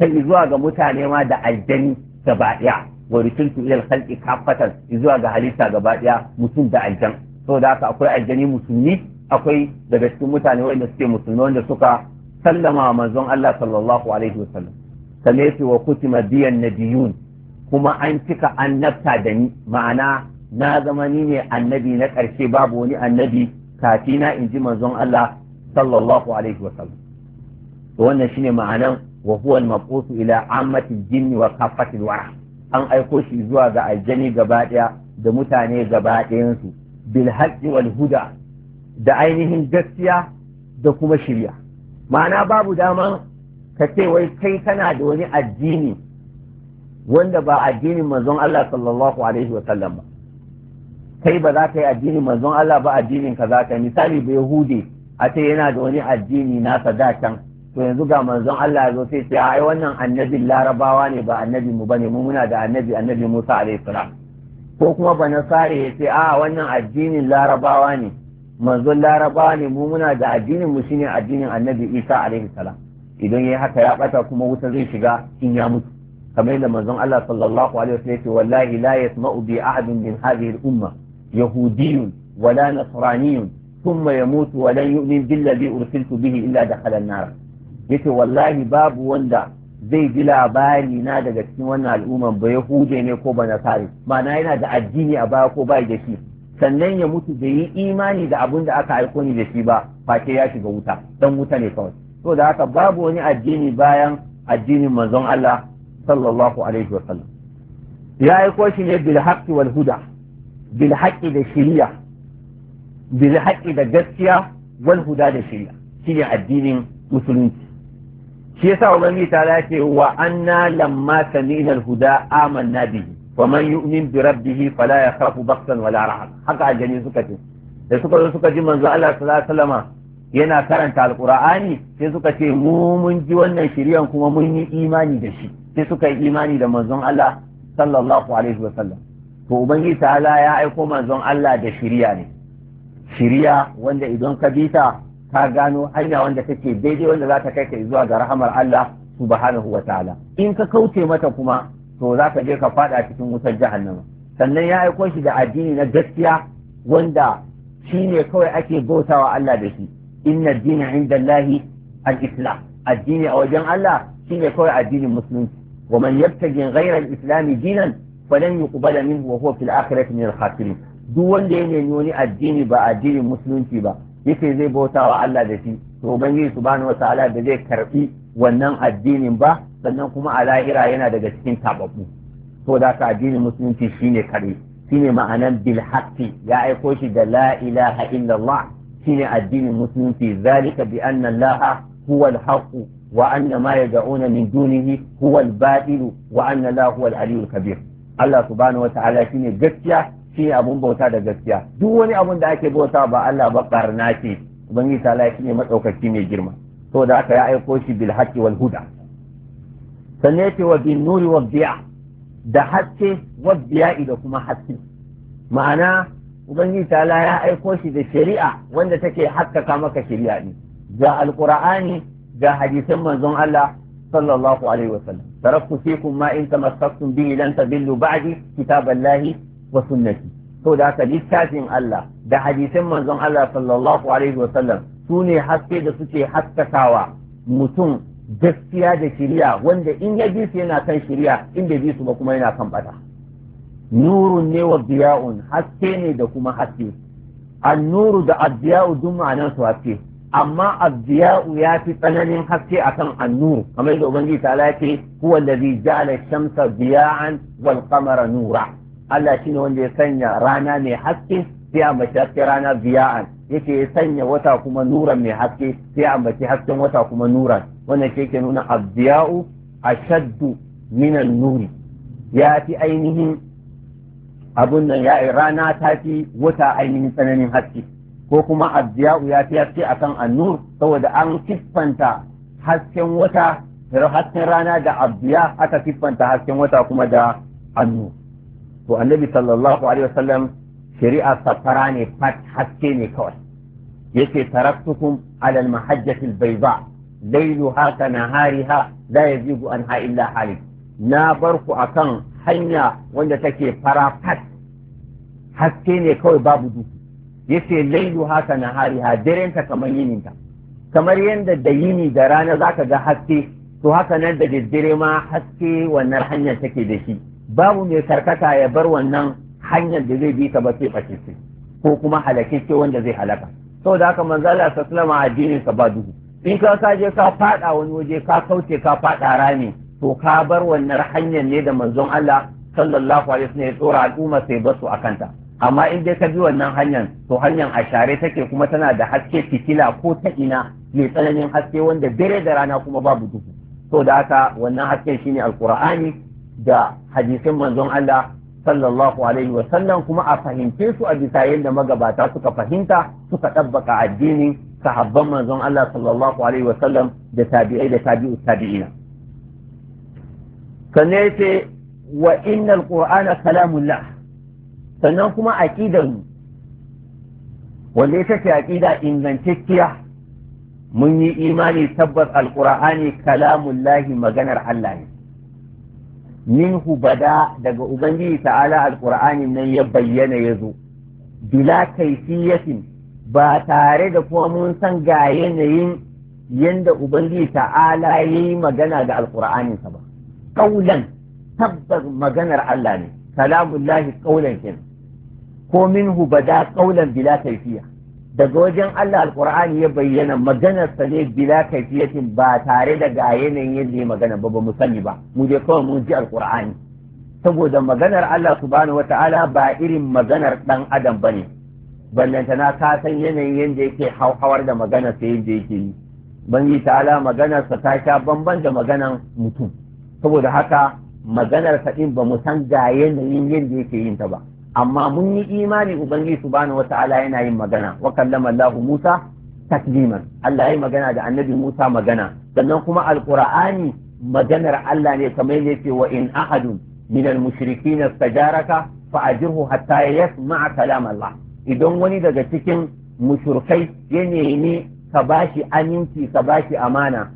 sai zuwa ga mutane ma da aljani gaba ɗaya wa rusultu ila al-khalqi zuwa ga halitta gaba ɗaya mutum da aljan saboda haka akwai aljani musulmi akwai daga cikin mutane waɗanda suke musulmai wanda suka sallama wa manzon Allah sallallahu alaihi wasallam kamar yace wa kutima biyan nabiyun kuma an cika annabta da ni ma'ana na zama ni ne annabi na ƙarshe babu wani annabi kafi na in ji manzon Allah sallallahu alaihi wasallam to wannan shine ma'anan wa huwa al ila ammatil jinn wa kaffatil wara an aiko shi zuwa ga aljani gaba daya da mutane gaba su bil haqqi wal huda da ainihin gaskiya da kuma shirya ma'ana babu dama ka ce wai kai kana da wani addini wanda ba addinin manzon Allah sallallahu alaihi wa sallam ba kai ba za ka yi addinin manzon Allah ba addinin ka za ka misali ba Yahudi a ce yana da wani addini nasa da can to yanzu ga manzon Allah zo sai ce ai wannan annabin larabawa ne ba annabi mu bane mu muna da annabi annabi Musa alaihi salam ko kuma ba nasare ya ce a wannan addinin larabawa ne manzon laraba ne mu muna da addinin mu shine addinin annabi isa alaihi salam idan yayi haka ya bata kuma wuta zai shiga in ya mutu kamar da manzon Allah sallallahu alaihi wasallam ce wallahi la yasma'u bi ahadin min hadhihi al-umma yahudiyyun wala nasraniyyun thumma yamutu wa lan yu'min billadhi ursiltu bihi illa dakhala an-nar yace wallahi babu wanda zai ji labari na daga cikin wannan al'umma ba yahude ne ko ba nasari ma'ana yana da addini a baya ko ba da shi sannan ya mutu bai yi imani da abin da aka aiko ni da shi ba face ya shiga wuta dan wuta ne kawai to da haka babu wani addini bayan addinin manzon Allah sallallahu alaihi wa sallam ya aiko shi ne bil haqqi wal huda bil haqqi da shiriya bil haqqi da gaskiya wal huda da shiriya shine addinin musulunci shi yasa ubangiji ta ce wa anna lamma sami'na al huda amanna bihi wa man yu'min bi rabbih fala yakhafu baqsan wala ra'ab haka aljani suka ce da suka zo suka ji manzo Allah sallallahu alaihi yana karanta alqur'ani sai suka ce mu mun ji wannan shiriyan kuma mun yi imani da shi sai suka yi imani da manzon Allah sallallahu alaihi wasallam to ubangiji ta'ala ya aiko manzon Allah da shiriya ne shiriya wanda idan ka bi ta ka gano hanya wanda take daidai wanda za ta kai ka zuwa ga rahamar Allah subhanahu wa in ka kauce mata kuma to za ka je ka fada cikin wutar jahannama sannan ya aiko shi da addini na gaskiya wanda shi ne kawai ake bautawa Allah da shi inna addini inda Allahi al-islam addini a wajen Allah shi ne kawai addinin musulunci wa man yabtaji ghayra al-islam dinan falan yuqbala minhu wa huwa fil akhirati min al duk wanda ya nemi wani addini ba addinin musulunci ba yake zai bautawa Allah da shi to ubangiji subhanahu wataala da zai karbi wannan addinin ba sannan kuma a lahira yana daga cikin tababbu to da ka addinin musulunci shine kare shine ma'anan bil ya aiko shi da la ilaha illallah shine addinin musulunci zalika bi anna allaha huwa al wa anna ma yad'una min dunihi huwa al-batil wa anna huwa al kabir Allah subhanahu wa ta'ala shine gaskiya shine abun bauta da gaskiya duk wani abun da ake bauta ba Allah ba barna ce ubangiji ta shine madaukaki mai girma saboda haka ya aiko shi bil haqqi wal huda sannan wa bin nuri wa biya da haske wa biya'i da kuma haske ma'ana ubangiji ta ya aiko shi da shari'a wanda take haskaka maka shari'a ne ga alqur'ani ga hadisan manzon Allah sallallahu alaihi sallam taraktu fikum ma in tamassaktum bihi lan tadillu ba'di kitaballahi wa sunnati to da haka littafin Allah da hadisan manzon Allah sallallahu alaihi wasallam su ne haske da suke haskakawa mutum gaskiya da shirya wanda in ya bi su yana kan shirya in bai bi su ba kuma yana kan bata nurun ne wa biya'un haske ne da kuma haske an nuru da addiya'u duk ma'anar su haske amma addiya'u ya fi tsananin haske akan an nuru kamar yadda ubangiji ta lafi zai ja ala shamsa biya'an wal kamara nura Allah shine wanda ya sanya rana mai haske sai a mace haske rana biya'an yake ya sanya wata kuma nuran mai haske sai a mace hasken wata kuma nuran wannan ke ke nuna abdiya'u ashaddu minan nuri ya fi ainihin abun nan ya rana ta fi wata ainihin tsananin haske ko kuma abdiya'u ya fi haske akan annur saboda an siffanta hasken wata hasken rana da abdiya aka siffanta hasken wata kuma da annur to annabi sallallahu alaihi wasallam shari'a safara ne fat haske ne kawai yake taraktukum alal al-mahajjati bayda Lailu كنهارها لا يزيغ عنها إلا na bar ku akan hanya wanda take fara haske ne kawai babu duhu yace lailu haka na hari ha darenta kamar yininta kamar yadda da yini da rana zaka ga haske to haka nan da daddare ma haske wannan hanyar take da shi babu mai karkata ya bar wannan hanyar da zai bi ta ba sai fashe ko kuma halakacce wanda zai halaka saboda haka manzala Allah sallallahu alaihi addinin ka ba duhu in ka ka je ka fada wani waje ka kauce ka fada rami to ka bar wannan hanyar ne da manzon Allah sallallahu alaihi wasallam ya tsora al'umma sai basu akanta amma in dai ka bi wannan hanyar to hanyar a share take kuma tana da haske fitila ko ta ina mai tsananin haske wanda dare da rana kuma babu duhu to da haka wannan hasken shine alqur'ani da hadisin manzon Allah sallallahu alaihi wa kuma a fahimce su a bisa yadda magabata suka fahimta suka ɗabbaka addinin sahabban manzon Allah sallallahu alaihi wasallam da tabi'ai da tabi'u tabi'ina sannan yace wa innal qur'ana kalamullah sannan kuma aqidar mu wanda ita ce aqida ingantacciya mun yi imani tabbas alqur'ani kalamullahi maganar Allah ne minhu bada daga ubangiji ta'ala alqur'ani nan ya bayyana yazo bila kaifiyatin ba tare da kuma mun san ga yanayin yadda ubangiji ta'ala ya yi magana ga alkur'ani ba kaulan tabbas maganar Allah ne kalamullahi kaulan kin ko min bada kaulan bila kaifiya daga wajen Allah alkur'ani ya bayyana maganarsa ne bila kaifiyatin ba tare da ga yanayin yadda ya magana ba ba mu sani ba mu je kawai mun ji alkur'ani saboda maganar Allah subhanahu ta'ala ba irin maganar dan adam bane ballantana ka san yanayin yadda yake hauhawar da magana sai yadda yake yi bangi ta'ala maganar sa ta sha bamban da maganar mutum saboda haka maganar sa din ba mu san ga yanayin yadda yake yin ta ba amma mun yi imani ubangiji subhanahu wata'ala yana yin magana wa kallama Musa takliman Allah yayi magana da annabi Musa magana sannan kuma alqur'ani maganar Allah ne kamar yadda yake wa in ahadun min al-mushrikin istajaraka fa ajirhu hatta yasma'a kalam Allah idan wani daga cikin mushurkai ya nemi ka bashi aminci ka bashi amana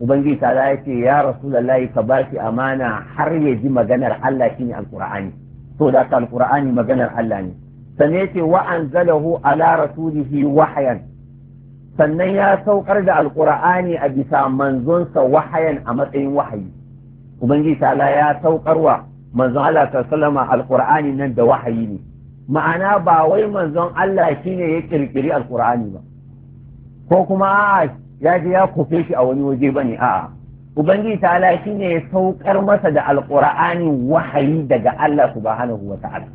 ubangiji ta ya ce ya rasulullahi ka bashi amana har ya ji maganar Allah shine alqur'ani to da ka alqur'ani maganar Allah ne sannan ce wa anzalahu ala rasulihi wahyan sannan ya saukar da alqur'ani a bisa manzonsa wahayan a matsayin wahayi ubangiji ta ya saukarwa manzon Allah sallallahu alaihi wasallam alqur'ani nan da wahayi ne ma'ana ba wai manzon Allah ne ya kirkiri alkur'ani ba ko kuma ya je ya kofe shi a wani waje ne? a'a ubangiji shi ne ya saukar masa da alkur'ani wahayi daga Allah subhanahu wa ta'ala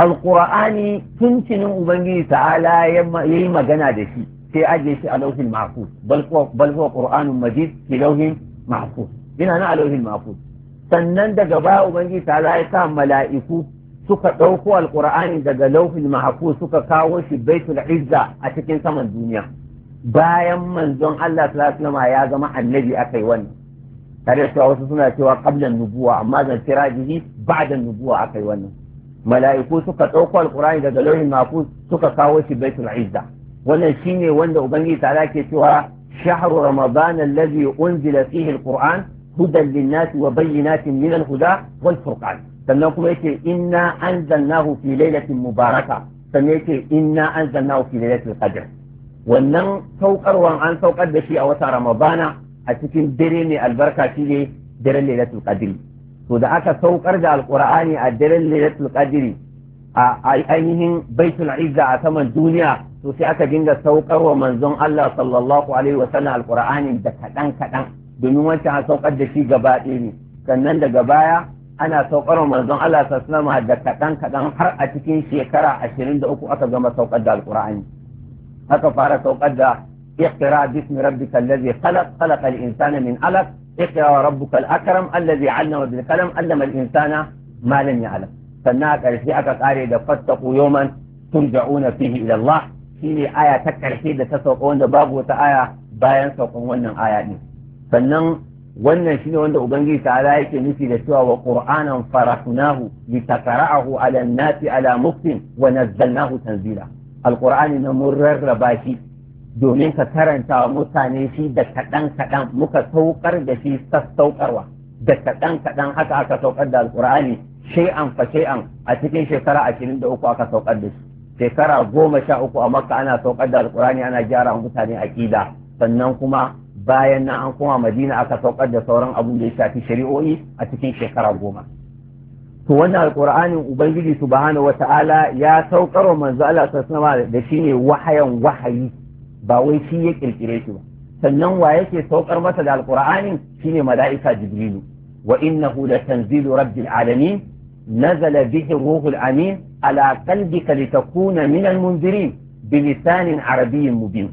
alkur'ani tuncinin ubangiji ta'ala ya yi magana da shi sai ajiye shi a lauhin mahfuz bal huwa qur'anun majid fi lauhin yana na a lauhin mahfuz sannan daga baya ubangiji Tala ya sa mala'iku suka ɗauko alƙur'ani daga laufin mahafu suka kawo shi baitul izza a cikin saman duniya bayan manzon Allah sallallahu ya zama annabi akai wannan tare da wasu suna cewa qablan nubuwa amma zan kira bihi ba'da nubuwa akai wannan mala'iku suka ɗauko alƙur'ani daga laufin mahafu suka kawo shi baitul izza wannan shine wanda ubangiji ta ke cewa shahru ramadan alladhi unzila fihi alqur'an hudan lin-nas wa bayyinatin min al-huda wal furqan sannan kuma yake inna anzalnahu fi lailatin mubaraka sannan yake inna anzalnahu fi lailatul qadr wannan saukarwan an saukar da shi a wata ramadana a cikin dare mai albarka shi ne daren lailatul qadr to da aka saukar da alqur'ani a daren lailatul qadr a ainihin baitul izza a saman duniya to sai aka dinga saukar wa manzon Allah sallallahu alaihi wasallam alqur'ani da kadan kadan domin wancan an saukar da shi gaba ɗaya ne sannan daga baya ana saukar manzon Allah sallallahu alaihi da kadan kadan har a cikin shekara 23 aka gama saukar da alqur'ani aka fara saukar da اقرا باسم ربك الذي خلق min الانسان من علق اقرا ربك الاكرم الذي علم بالقلم علم الانسان ما لم يعلم sannan a ƙarshe aka ƙare da fattaku yoman turja'una fihi ila Allah shine aya ta ƙarshe da ta sauka wanda babu wata aya bayan saukan wannan aya ne sannan wannan shine wanda ubangiji ta'ala yake nufi da cewa wa qur'anan farahnahu litaqra'ahu 'ala an-nasi 'ala muktin wa nazzalnahu tanzila alqur'ani na mun rarraba shi domin ka karanta mutane shi da kaɗan kaɗan muka saukar da shi sassaukarwa da kaɗan kaɗan haka aka saukar da alqur'ani shay'an fa shay'an a cikin shekara 23 aka saukar da shi shekara 13 a makka ana saukar da alqur'ani ana gyara mutane aqida sannan kuma bayan na an koma madina aka saukar da sauran abun da ya shafi shari'o'i a cikin shekara goma to wannan alqur'anin ubangiji subhanahu wata'ala ya saukar wa manzo Allah sallallahu alaihi da shine wahayan wahayi ba wai shi ya kirkire shi ba sannan wa yake saukar masa da alqur'anin shine mala'ika jibrilu wa innahu latanzilu rabbil alamin nazala bihi ruhul amin ala qalbika litakuna minal munzirin bilisanin arabiyyin mubin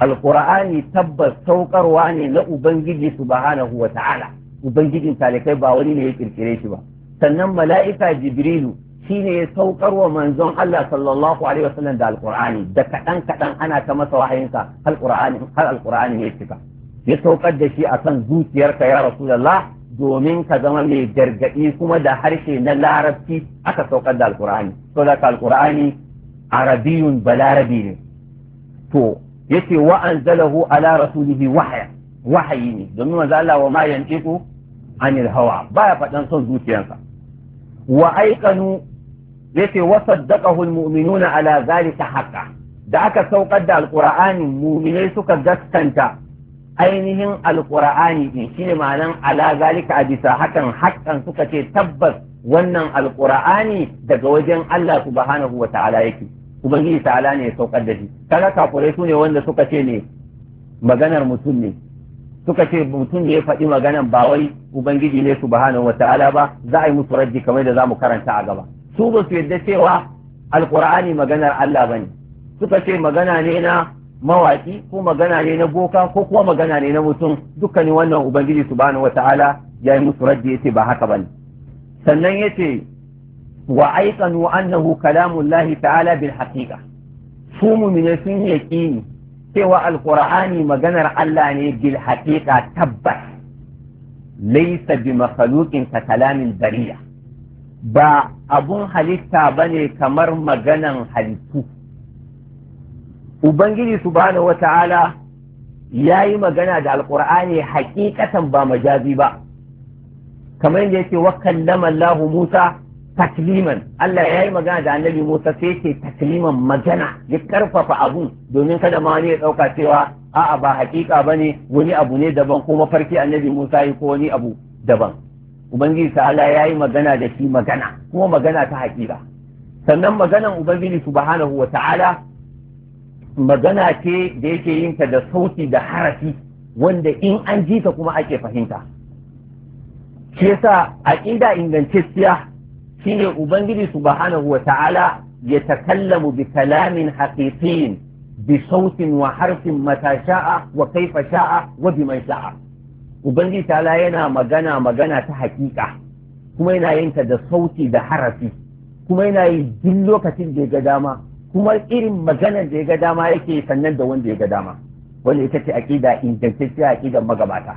alqur'ani tabbas saukarwa ne na ubangiji subhanahu wa ta'ala ubangijin talikai ba wani ne ya kirkire shi ba sannan mala'ika jibrilu shine ya saukar manzon Allah sallallahu alaihi wasallam da alqur'ani da kadan kadan ana ta masa wahayinka alqur'ani har alqur'ani ya cika ya saukar da shi akan zuciyarka ya rasulullah domin ka zama mai gargadi kuma da harshe na larabci aka saukar da alkur'ani to da arabiyun balarabi ne to yace wa anzalahu ala rasulihi wahya wahayi ne domin manzo Allah wa ma yantiku anil hawa baya faɗan son zuciyarsa wa aikanu yace wa saddaqahu almu'minuna ala zalika haqqan da aka saukar da alqur'ani mu'minai suka gaskanta ainihin alqur'ani din shine ma'anan ala zalika a bisa hakan hakan suka ce tabbas wannan alqur'ani daga wajen Allah subhanahu wa ta'ala yake ubangiji ta'ala ne ya saukar da shi kaga kafurai su ne wanda suka ce ne maganar mutum ne suka ce mutum da ya faɗi maganar ba wai ubangiji ne subhanahu ta'ala ba za a yi musu raddi kamar da za mu karanta a gaba su ba su yadda cewa alqur'ani maganar Allah bane suka ce magana ne na mawaki ko magana ne na boka ko kuma magana ne na mutum dukkanin wannan ubangiji subhanahu ta'ala ya yi musu raddi yace ba haka bane sannan yace wa aikanu annahu kalamullahi ta'ala bil su mu'mine sun yaqini cewa alqur'ani maganar Allah ne bil haqiqa tabbas laysa bi makhluqin ka kalamin bariya ba abun halitta bane kamar maganan halittu ubangiji subhanahu wata'ala ya yi magana da alqur'ani haqiqatan ba majazi ba kamar yadda yake wa kallama Musa takliman Allah ya yi magana da annabi Musa sai ce takliman magana ya karfafa abu domin kada ma wani ya dauka cewa a'a ba hakika bane wani abu ne daban ko mafarki annabi Musa yi ko wani abu daban ubangiji ta'ala ya yi magana da shi magana kuma magana ta hakika sannan maganan ubangiji subhanahu wa ta'ala magana ce da yake yin ta da sauti da harafi wanda in an ji ta kuma ake fahimta shi yasa aqida ingantacciya shine ubangiji subhanahu wa ta'ala ya takallamu bi kalamin haqiqin bi sautin wa harfin mata sha'a wa kaifa sha'a wa man sha'a ubangiji ta'ala yana magana magana ta hakika kuma yana yinta da sauti da harafi kuma yana yi duk lokacin da ya ga dama kuma irin magana da ya ga dama yake sannan da wanda ya ga dama wanda ita ce aqida ingantacciya aƙidar magabata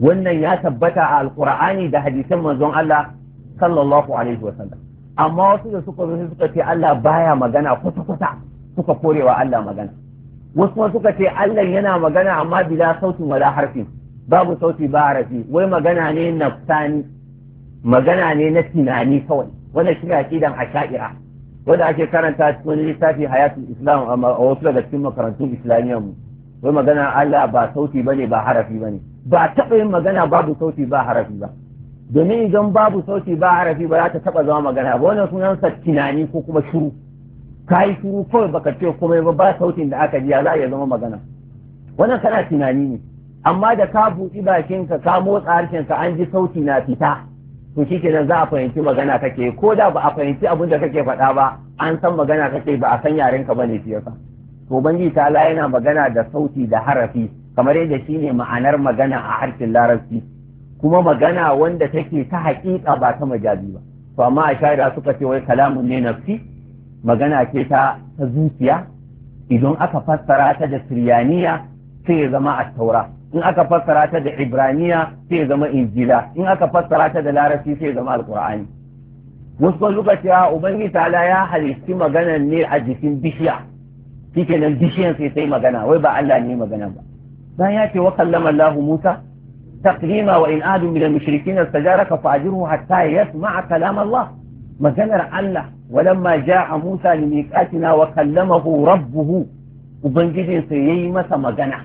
wannan ya tabbata a alqur'ani da hadisan manzon Allah sallallahu alaihi wa sallam. amma wasu da suka zo suka ce Allah baya magana kusa kusa suka korewa Allah magana wasu ma suka ce Allah yana magana amma bila sautin wala harfi babu sauti ba harafi wai magana ne nafsani magana ne na tunani kawai wannan shi ne aqidan asha'ira wanda ake karanta cikin littafi hayatul islam a wasu daga cikin makarantun islamiyya mu wai magana Allah ba sauti bane ba harafi bane ba taɓa yin magana babu sauti ba harafi ba domin idan babu sauti ba harafi ba za ta taba zama magana ba wannan sunansa tunani ko kuma shuru ka yi shuru kawai baka ce komai ba ba sautin da aka ji ya za ya zama magana wannan kana tunani ne amma da ka buɗi bakinka ka motsa ka an ji sauti na fita to shi kenan za a fahimci magana kake ko da ba a fahimci abin da kake faɗa ba an san magana kake ba a san yarenka ba ne fiyasa to bangi ta yana magana da sauti da harafi kamar yadda ne ma'anar magana a harshen larabci kuma magana wanda take ta haƙiƙa ba ta majazi ba to amma a shari'a suka ce wai kalamun ne nafsi magana ce ta ta zuciya idan aka fassara ta da siryaniya sai ya zama a taura. in aka fassara ta da ibraniya sai ya zama injila in aka fassara ta da larabci sai ya zama alqur'ani wasu ko suka a ubangi ta'ala ya halitti magana ne a jikin bishiya nan bishiyan sai sai magana wai ba Allah ne magana ba bayan ya ce wa kallama allahu Musa تقديما وإن آد من المشركين استجارك فأجره حتى يسمع كلام الله ما جنر الله ولما جاء موسى لميقاتنا وكلمه ربه وبنجدين سيئي مسا مغنى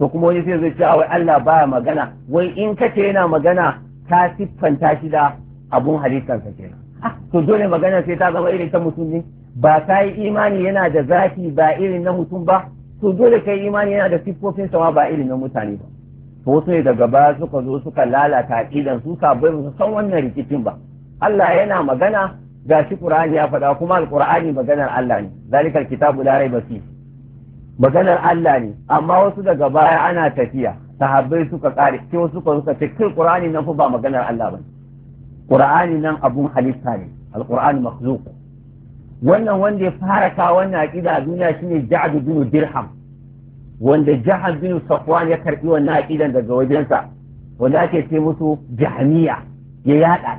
تقوم ونسي زي الله با مغنى وإن كتينا مغنى كاسب فانتاشدا abun halittarsa kenan to dole magana sai ta zama irin ta mutum ne ba ta yi imani yana da zafi ba irin na mutum ba to dole kai imani yana da siffofin sama ba irin na mutane ba wasu ne daga baya suka zo suka lalata aqidan su sabai su san wannan rikicin ba Allah yana magana ga shi Qur'ani ya faɗa kuma Al-Qur'ani maganar Allah ne zalikal kitabu la raiba fi maganar Allah ne amma wasu daga baya ana tafiya sahabbai suka kare ke wasu suka suka ce kai Qur'ani nan fa ba maganar Allah bane Qur'ani nan abun halitta ne Al-Qur'ani makhluq wannan wanda ya fara ka wannan aqida a duniya shine Ja'd bin Dirham wanda jihar bin safwan ya karɓi wannan aƙidan daga wajensa wanda ake ce musu jahamiya ya yada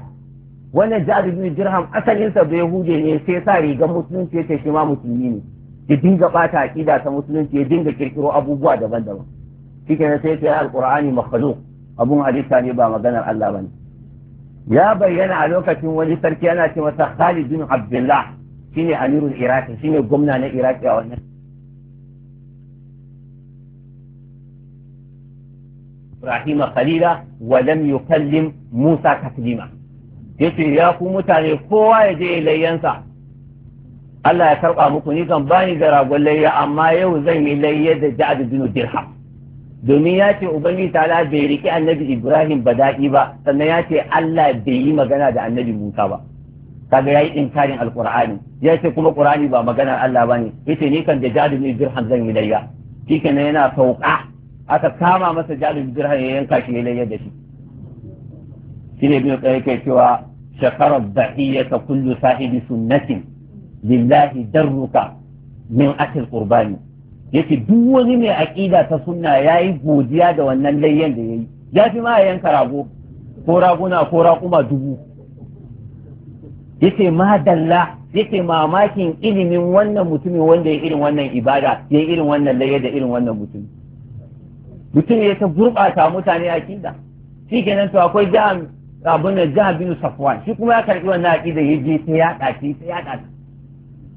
wannan jihar bin dirham asalinsa bai hude ne sai sa rigar musulunci ya ce shi ma musulmi ne ya dinga ɓata aƙida ta musulunci ya dinga kirkiro abubuwa daban-daban shi kenan sai ta yi alƙur'ani makhluq abun halitta ne ba maganar Allah ba ne ya bayyana a lokacin wani sarki yana ce masa Khalid bin Abdullah shine amirul Iraq shine gwamna na Iraq a wannan Ibrahim Khalila wa lam yukallim Musa Kaslima. yace ya ku mutane kowa ya je ya layyansa Allah ya karɓa muku ni kan bani da ragon layya amma yau zan yi layya da Ja'd bin domin ya ce Ubangiji ta'ala bai riƙe annabi Ibrahim ba daɗi ba sannan ya ce Allah bai yi magana da annabi Musa ba kaga ya yi inkarin alƙur'ani ya ce kuma ƙur'ani ba maganar Allah ba ne ya ce ni kan da Ja'd bin zan yi layya shi yana sauka aka kama masa jalib dirhan ya yanka shi ya layyar da shi shi ne biyu tsaye kai cewa shakara bahiyata kullu sahibi sunnatin lillahi darruka min atil qurbani yace duk wani mai aƙida ta sunna yayi godiya da wannan layyan da yayi ya fi ma yanka rago ko raguna ko raƙuma dubu yace ma dalla yake mamakin ilimin wannan mutumin wanda ya irin wannan ibada ya irin wannan layya da irin wannan mutumin. mutum ya ta gurɓata mutane ƙida shi kenan to akwai jihar abin da jihar bin safwan shi kuma ya karɓi wannan aƙida ya je ta yaɗa shi ta yaɗa ta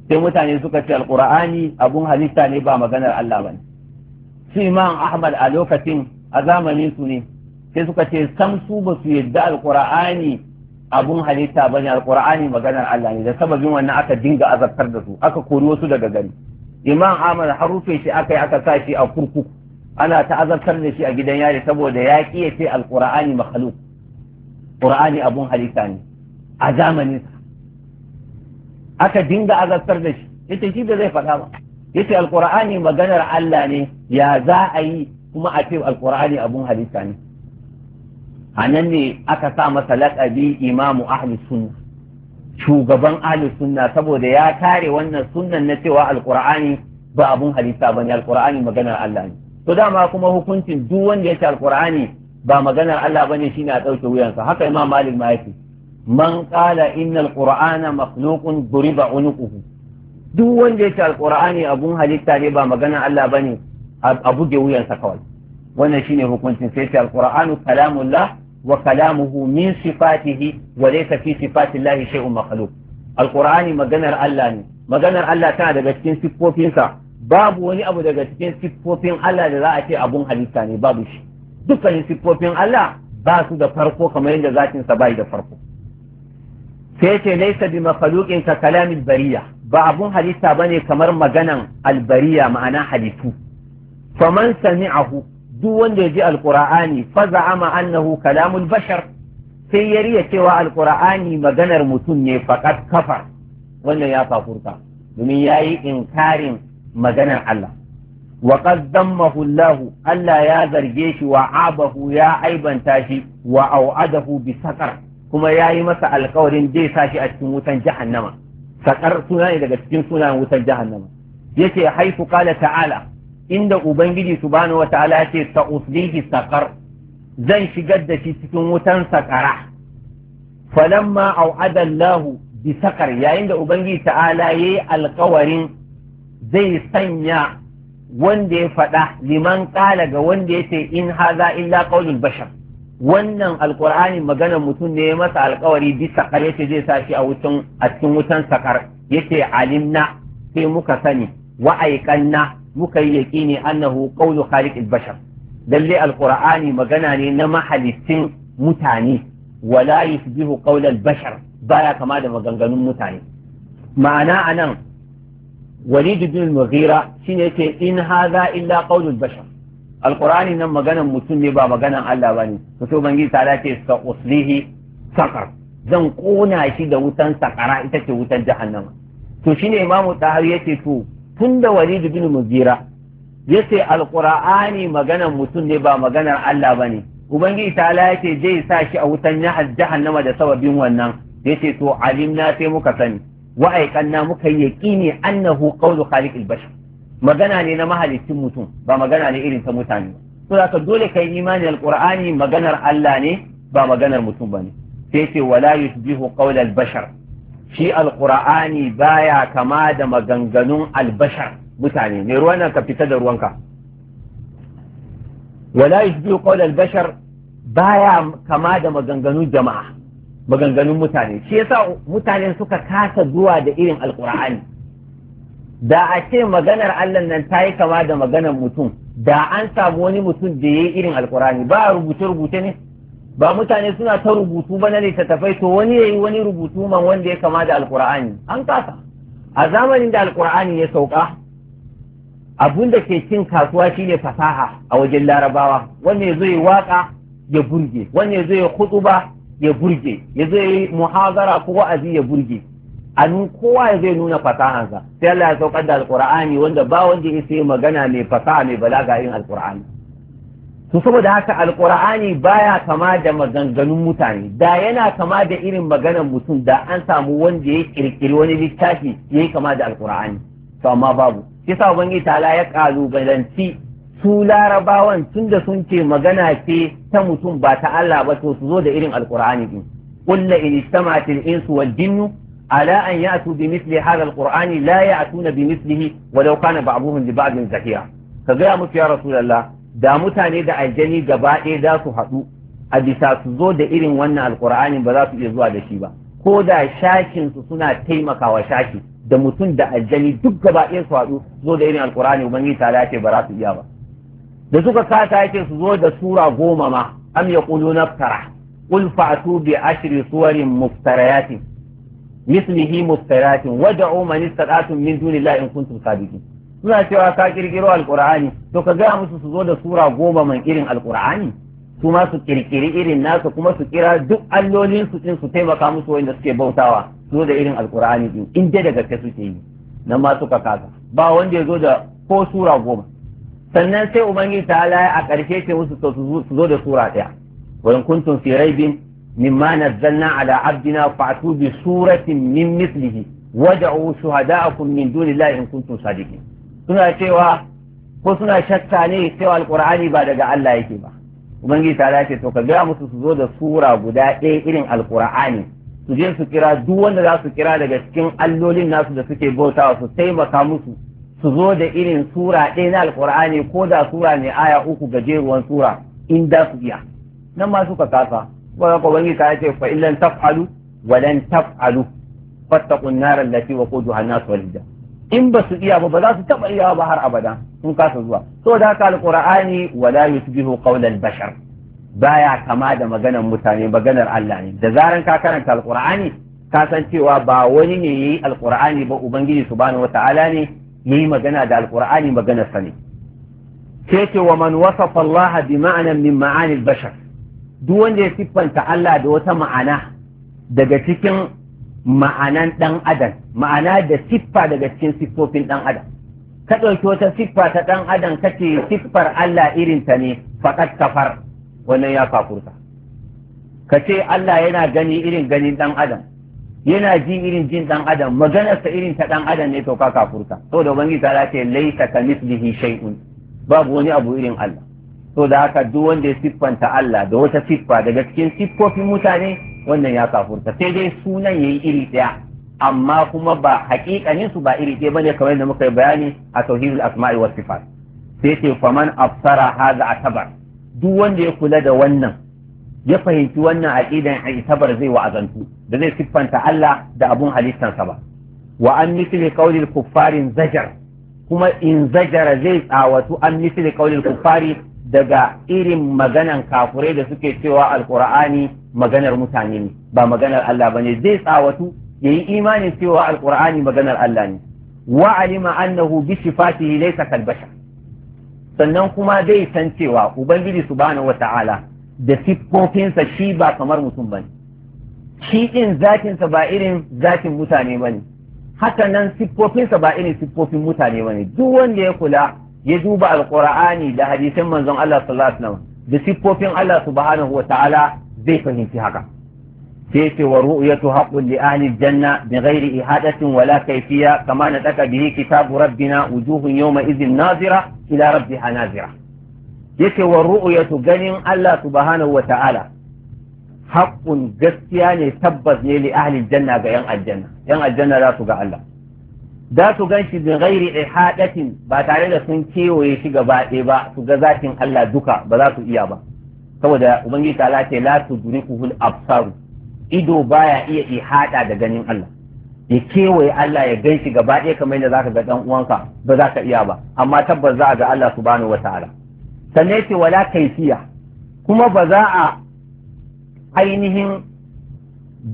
sai mutane suka ce alƙur'ani abun halitta ne ba maganar Allah ba ne su imam ahmad a lokacin a zamanin su ne sai suka ce sam su ba su yadda alƙur'ani abun halitta ba ne alƙur'ani maganar Allah ne da sababin wannan aka dinga azabtar da su aka kori wasu daga gari Iman ahmad har rufe shi aka yi aka sa shi a kurkuku ana ta'azartar da shi a gidan yari saboda ya ƙi ya ce alƙur'ani makhluk ƙur'ani abun halitta ne a zamanin aka dinga azartar da shi yace shi da zai faɗa ba yace alƙur'ani maganar Allah ne ya za a yi kuma a ce alƙur'ani abun halitta ne a nan ne aka sa masa laƙabi imamu ahli sunna shugaban ahli sunna saboda ya kare wannan sunnan na cewa alƙur'ani ba abun halitta ba ne alƙur'ani maganar Allah ne to dama kuma hukuncin duk wanda yake alqur'ani ba maganar Allah bane shine a dauke wuyansa haka imam malik ma yake man qala innal qur'ana makhluqun duriba unuquhu duk wanda yake alqur'ani abun halitta ne ba maganar Allah bane a buge wuyansa kawai wannan shine hukuncin sai ce alqur'anu kalamullah wa kalamuhu min sifatihi wa laysa fi sifatillahi shay'un makhluq alqur'ani maganar Allah ne maganar Allah tana daga cikin siffofinsa babu wani abu daga cikin siffofin Allah da za a ce abun halitta ne babu shi dukkanin siffofin Allah ba su da farko kamar yadda zatin sa bai da farko sai ce laisa bi makhluqin ka kalamin bariya ba abun halitta bane kamar maganan albariya ma'ana halittu faman sami'ahu duk wanda ya ji alqur'ani fa za'ama annahu kalamul bashar sai ya riya cewa alqur'ani maganar mutum ne faqat kafar wannan ya fafurta domin yayi inkarin maganar Allah wa qad Allah Allah ya zarge shi wa abahu ya aibanta shi wa au'adahu bi saqar kuma yayi masa alkawarin zai sa shi a cikin wutan jahannama saqar suna ne daga cikin sunayen wutan jahannama yace haifu qala ta'ala inda ubangiji subhanahu wataala yace sa'uslihi saqar zan shigar da shi cikin wutan saqara falamma au'ada Allah bi saqar yayin da ubangiji ta'ala yayi alkawarin zai sanya wanda ya faɗa liman ƙala ga wanda ya ce in haza illa qaulul bashar wannan alqur'ani maganar mutum ne ya masa alƙawari bisa kar yace zai sa shi a wutan a cikin wutan sakar yace alimna sai muka sani wa aiqanna muka yi yaƙini annahu qaulu khaliqil bashar lalle alqur'ani magana ne na mahalicin mutane wala yusbihu qaulal bashar baya kama da maganganun mutane ma'ana anan walid bin mughira shine yake in hadha illa qawlul bashar alqur'ani nan mutum ne ba maganan Allah bane to so bangi ta dace sa uslihi saqar zan kona shi da wutan saqara ita ce wutan jahannama to shine imamu tahari yace to tunda walid bin mughira yace alqur'ani maganan mutum ne ba maganar Allah bane ubangiji ta yace zai sa shi a wutan jahannama da sababin wannan yace to na sai muka sani wa aiqanna muka yi yaqini annahu qawlu khaliqil bashar magana ne na mahalicin mutum ba magana ne irin ta mutane to zaka dole kai imani alqur'ani maganar Allah ne ba maganar mutum bane sai ce wala yusbihu qawla albashar shi alqur'ani baya kama da maganganun albashar mutane ne ruwan ka fita da ruwanka wala yusbihu qawla albashar baya kama da maganganun jama'a maganganun mutane shi yasa mutane suka kasa zuwa da irin alkur'ani da a ce maganar Allah nan ta yi kama da maganar mutum da an samu wani mutum da ya yi irin alkur'ani ba a rubuce-rubuce ne ba mutane suna ta rubutu ba na littattafai to wani ya yi wani rubutu man wanda ya kama da alkur'ani an kasa a zamanin da alkur'ani ya sauka abun da ke cin kasuwa shine fasaha a wajen larabawa wanda ya zo ya waka ya burge wanda ya zo ya ba ya burge ya zai yi muhazara ko wa'azi ya burge a nun kowa zai nuna fasahansa sai Allah ya saukar da alqur'ani wanda ba wanda ya sai magana mai fasaha mai balaga yin alqur'ani to saboda haka alqur'ani baya kama da maganganun mutane da yana kama da irin maganar mutum da an samu wanda ya kirkiri wani littafi yayi kama da alqur'ani to amma babu yasa ubangiji ta'ala ya kalubalanci su larabawan tun da sun ce magana ce ta mutum ba ta Allah ba to su zo da irin alkur'ani din qul in istama'at al-insu wal jinnu ala an ya'tu bi mithli hadha al-qur'ani la ya'tuna bi mithlihi walau kana ba'dhuhum li ba'dhin zakiya ka ga musu ya rasulullah da mutane da aljani gaba ɗaya za su haɗu a bisa su zo da irin wannan alqur'ani ba za su iya zuwa da shi ba ko da shakin su suna taimakawa shaki da mutum da aljani duk gaba ɗaya su haɗu zo da irin alqur'ani ubangiji ta ce ba za su iya ba da suka kasa yake su zo da sura goma ma am ya kulu naftara qul fa'tu bi ashri suwarin muftariyatin mislihi muftariyatin wad'u man istata'tum min llahi in kuntum sadiqin suna cewa ka kirkiro alqur'ani to ka ga musu su zo da sura goma man irin alqur'ani su ma su kirkiri irin nasu kuma su kira duk allolin su din su taimaka musu wanda suke bautawa su da irin alqur'ani din inda daga da gaske suke yi nan ma suka kaza ba wanda ya zo da ko sura goma sannan sai ubangiji ta a ƙarshe ce musu su zo da sura ɗaya wani kuntum fi raibin mimma nazzalna ala abdina fa'tu bi suratin min mislihi wad'u shuhada'akum min dunillahi in kuntum sadiqin suna cewa ko suna shakka ne cewa alqur'ani ba daga Allah yake ba ubangiji ta ala ce to ka ga musu su zo da sura guda ɗaya irin alqur'ani su je su kira duk wanda za su kira daga cikin allolin nasu da suke bautawa su taimaka musu su zo da irin sura ɗaya na alkur'ani ko da sura ne aya uku gajeruwan sura in da su iya nan ma suka kasa wa ka wani ka ce fa illan taf'alu wa lan taf'alu fattaqun nar allati waquduha an-nas wal in ba su iya ba ba za su taba iya ba har abada sun kasa zuwa to da haka alqur'ani wala yusbihu qawla al-bashar baya kama da maganar mutane maganar Allah ne da zaran ka karanta alqur'ani ka san cewa ba wani ne yayi alqur'ani ba ubangiji subhanahu wata'ala ne mu yi magana da alkur'ani magana sani Ke ce wa man wasafa Allah bi ma'anan min ma'anil bashar duk wanda ya siffanta Allah da wata ma'ana daga cikin ma'anan dan adam ma'ana da siffa daga cikin siffofin dan adam ka ɗauki wata siffa ta ɗan adam kace siffar Allah irin ta ne faƙat kafar wannan ya kafurta ka ce Allah yana gani irin ganin ɗan adam yana ji irin jin dan adam maganarsa irin ta dan adam ne to ka kafurta to da ubangiji ta ce laisa ka mislihi shay'un babu wani abu irin Allah to da haka duk wanda ya siffanta Allah da wata siffa daga cikin siffofin mutane wannan ya kafurta sai dai sunan yayi iri daya amma kuma ba hakikanin su ba iri daya bane kamar yadda muka yi bayani a tauhidul asma'i was sifat sai ce faman absara hadha atabar duk wanda ya kula da wannan ya fahimci wannan aqidan itabar zai wa'azantu da zai siffanta Allah da abun halittansa ba wa an misli qawlil kuffarin zajar kuma in zajara zai tsawatu an misli qawlil kuffari daga irin maganan kafurai da suke cewa alqur'ani maganar mutane ne ba maganar Allah bane zai tsawatu yayi imanin cewa alqur'ani maganar Allah ne wa alima annahu bi sifatihi laysa kal bashar sannan kuma zai san cewa ubangiji subhanahu wata'ala da siffofinsa shi ba kamar mutum ba ne shi ɗin zakinsa ba irin zakin mutane ba ne haka nan siffofinsa ba irin siffofin mutane ba ne duk wanda ya kula ya duba alƙur'ani da hadisin manzon Allah sallallahu alaihi wasallam da siffofin Allah subhanahu wa ta'ala zai fahimci haka sai ce wa ru'yatu haqqun li ahli janna bi ghairi ihadatin wala kaifiya. kama nataka bihi kitabu rabbina wujuhun yawma idhin nazira ila rabbiha nazira yake wa ru'yatu ganin Allah subhanahu wa ta'ala haqqun gaskiya ne tabbas ne li ahli janna ga yan aljanna yan aljanna za su ga Allah za su gan shi bin ghairi ihadatin ba tare da sun kewaye shi gaba ɗaya ba su ga zatin Allah duka ba za su iya ba saboda ubangiji ta ce la tudrikuhul absaru ido baya iya ihada da ganin Allah ya kewaye Allah ya gan shi gaba ɗaya kamar yadda zaka ga dan uwanka ba za ka iya ba amma tabbas za a ga Allah subhanahu ta'ala. sannan yake wala kaifiya kuma ba za a ainihin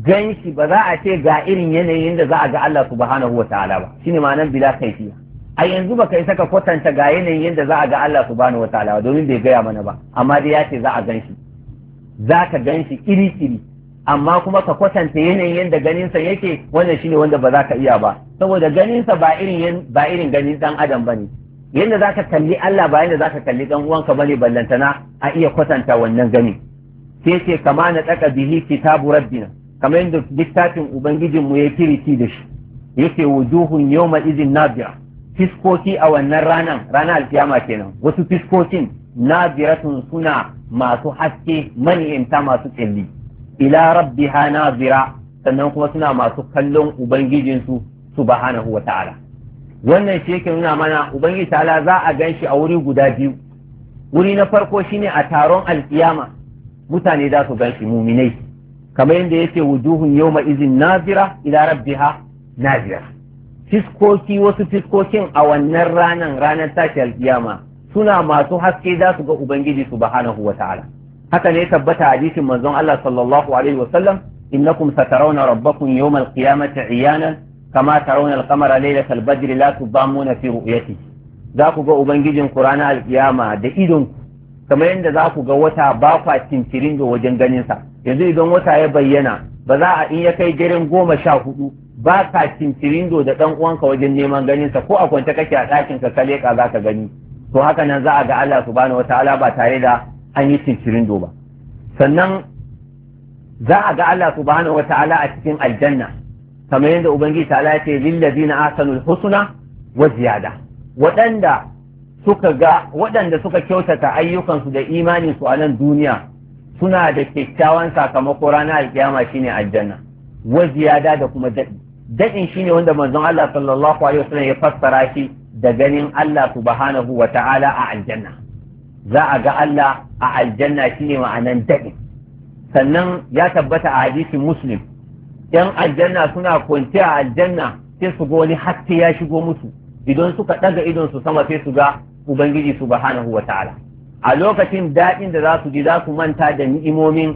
gan shi ba za a ce ga irin yanayin da za a ga Allah subhanahu wa ta'ala ba shine ma'anar bila kaifiya a yanzu ba kai saka kwatanta ga yanayin yadda za a ga Allah subhanahu wa ta'ala domin bai gaya mana ba amma dai ya ce za a gan shi za ka gan shi iri iri amma kuma ka kwatanta yanayin yadda ganinsa yake wannan shine wanda ba za ka iya ba saboda ganinsa ba irin ba irin ganin dan adam ba ne. yadda za ka kalli Allah ba yadda za ka kalli ɗan uwanka bane ballantana a iya kwatanta wannan gani sai ce kama na tsaka bihi kitabu rabbina kamar yadda littafin ubangijin mu ya kiriti da shi yake wujuhun yawma izin nabira fiskoki a wannan ranan ranar alkiyama kenan wasu fiskokin nabiratun suna masu haske mani'imta masu tsilli ila rabbiha nazira sannan kuma suna masu kallon ubangijinsu subhanahu wa ta'ala wannan shi yake nuna mana ubangiji ta'ala za a gan shi a wuri guda biyu wuri na farko shine a taron alkiyama mutane za su gan shi muminai kamar yadda yake wujuhun yawma izin nazira ila rabbiha nazira fiskoki wasu fiskokin a wannan ranan ranar tashi alkiyama suna masu haske za su ga ubangiji subhanahu wa ta'ala haka ne tabbata hadisin manzon Allah sallallahu alaihi wa sallam innakum satarawna rabbakum yawmal qiyamati iyanan kama tarawna al-qamara laylatal Bamu la tudamuna fi ru'yati za ku ga ubangijin ku ranar alkiyama da idon kamar yadda za ku ga wata ba kwa wajen ganin yanzu idan wata ya bayyana ba za in ya kai daren goma sha hudu baka ka da dan uwanka wajen neman ganin ko a kwance kake a ɗakin ka leƙa za ka gani to haka nan za a ga Allah subhanahu wataala ba tare da an yi cincirin ba sannan za a ga Allah subhanahu wataala a cikin aljanna kamar yadda ubangiji ta ala ce lillazina asanul husna wa ziyada waɗanda suka ga waɗanda suka kyautata ayyukansu da imani su a nan duniya suna da kyakkyawan sakamako ranar alkiyama shine aljanna wa ziyada da kuma daɗi daɗin shine wanda manzon Allah sallallahu alaihi wasallam ya fassara shi da ganin Allah subhanahu wa ta'ala a aljanna za a ga Allah a aljanna shine ma'anan daɗi sannan ya tabbata a hadisin muslim yan aljanna suna kwance a aljanna sai su ga wani haske ya shigo musu idan suka ɗaga idon su sama sai su ga ubangiji subhanahu wataala a lokacin daɗin da za su ji za su manta da ni'imomin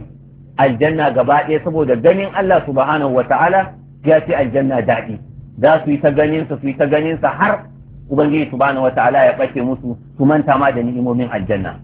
aljanna gaba ɗaya saboda ganin Allah subhanahu wataala ya ce aljanna daɗi za su yi ta ganin sa su yi ta ganin sa har ubangiji subhanahu wataala ya bace musu su manta ma da ni'imomin aljanna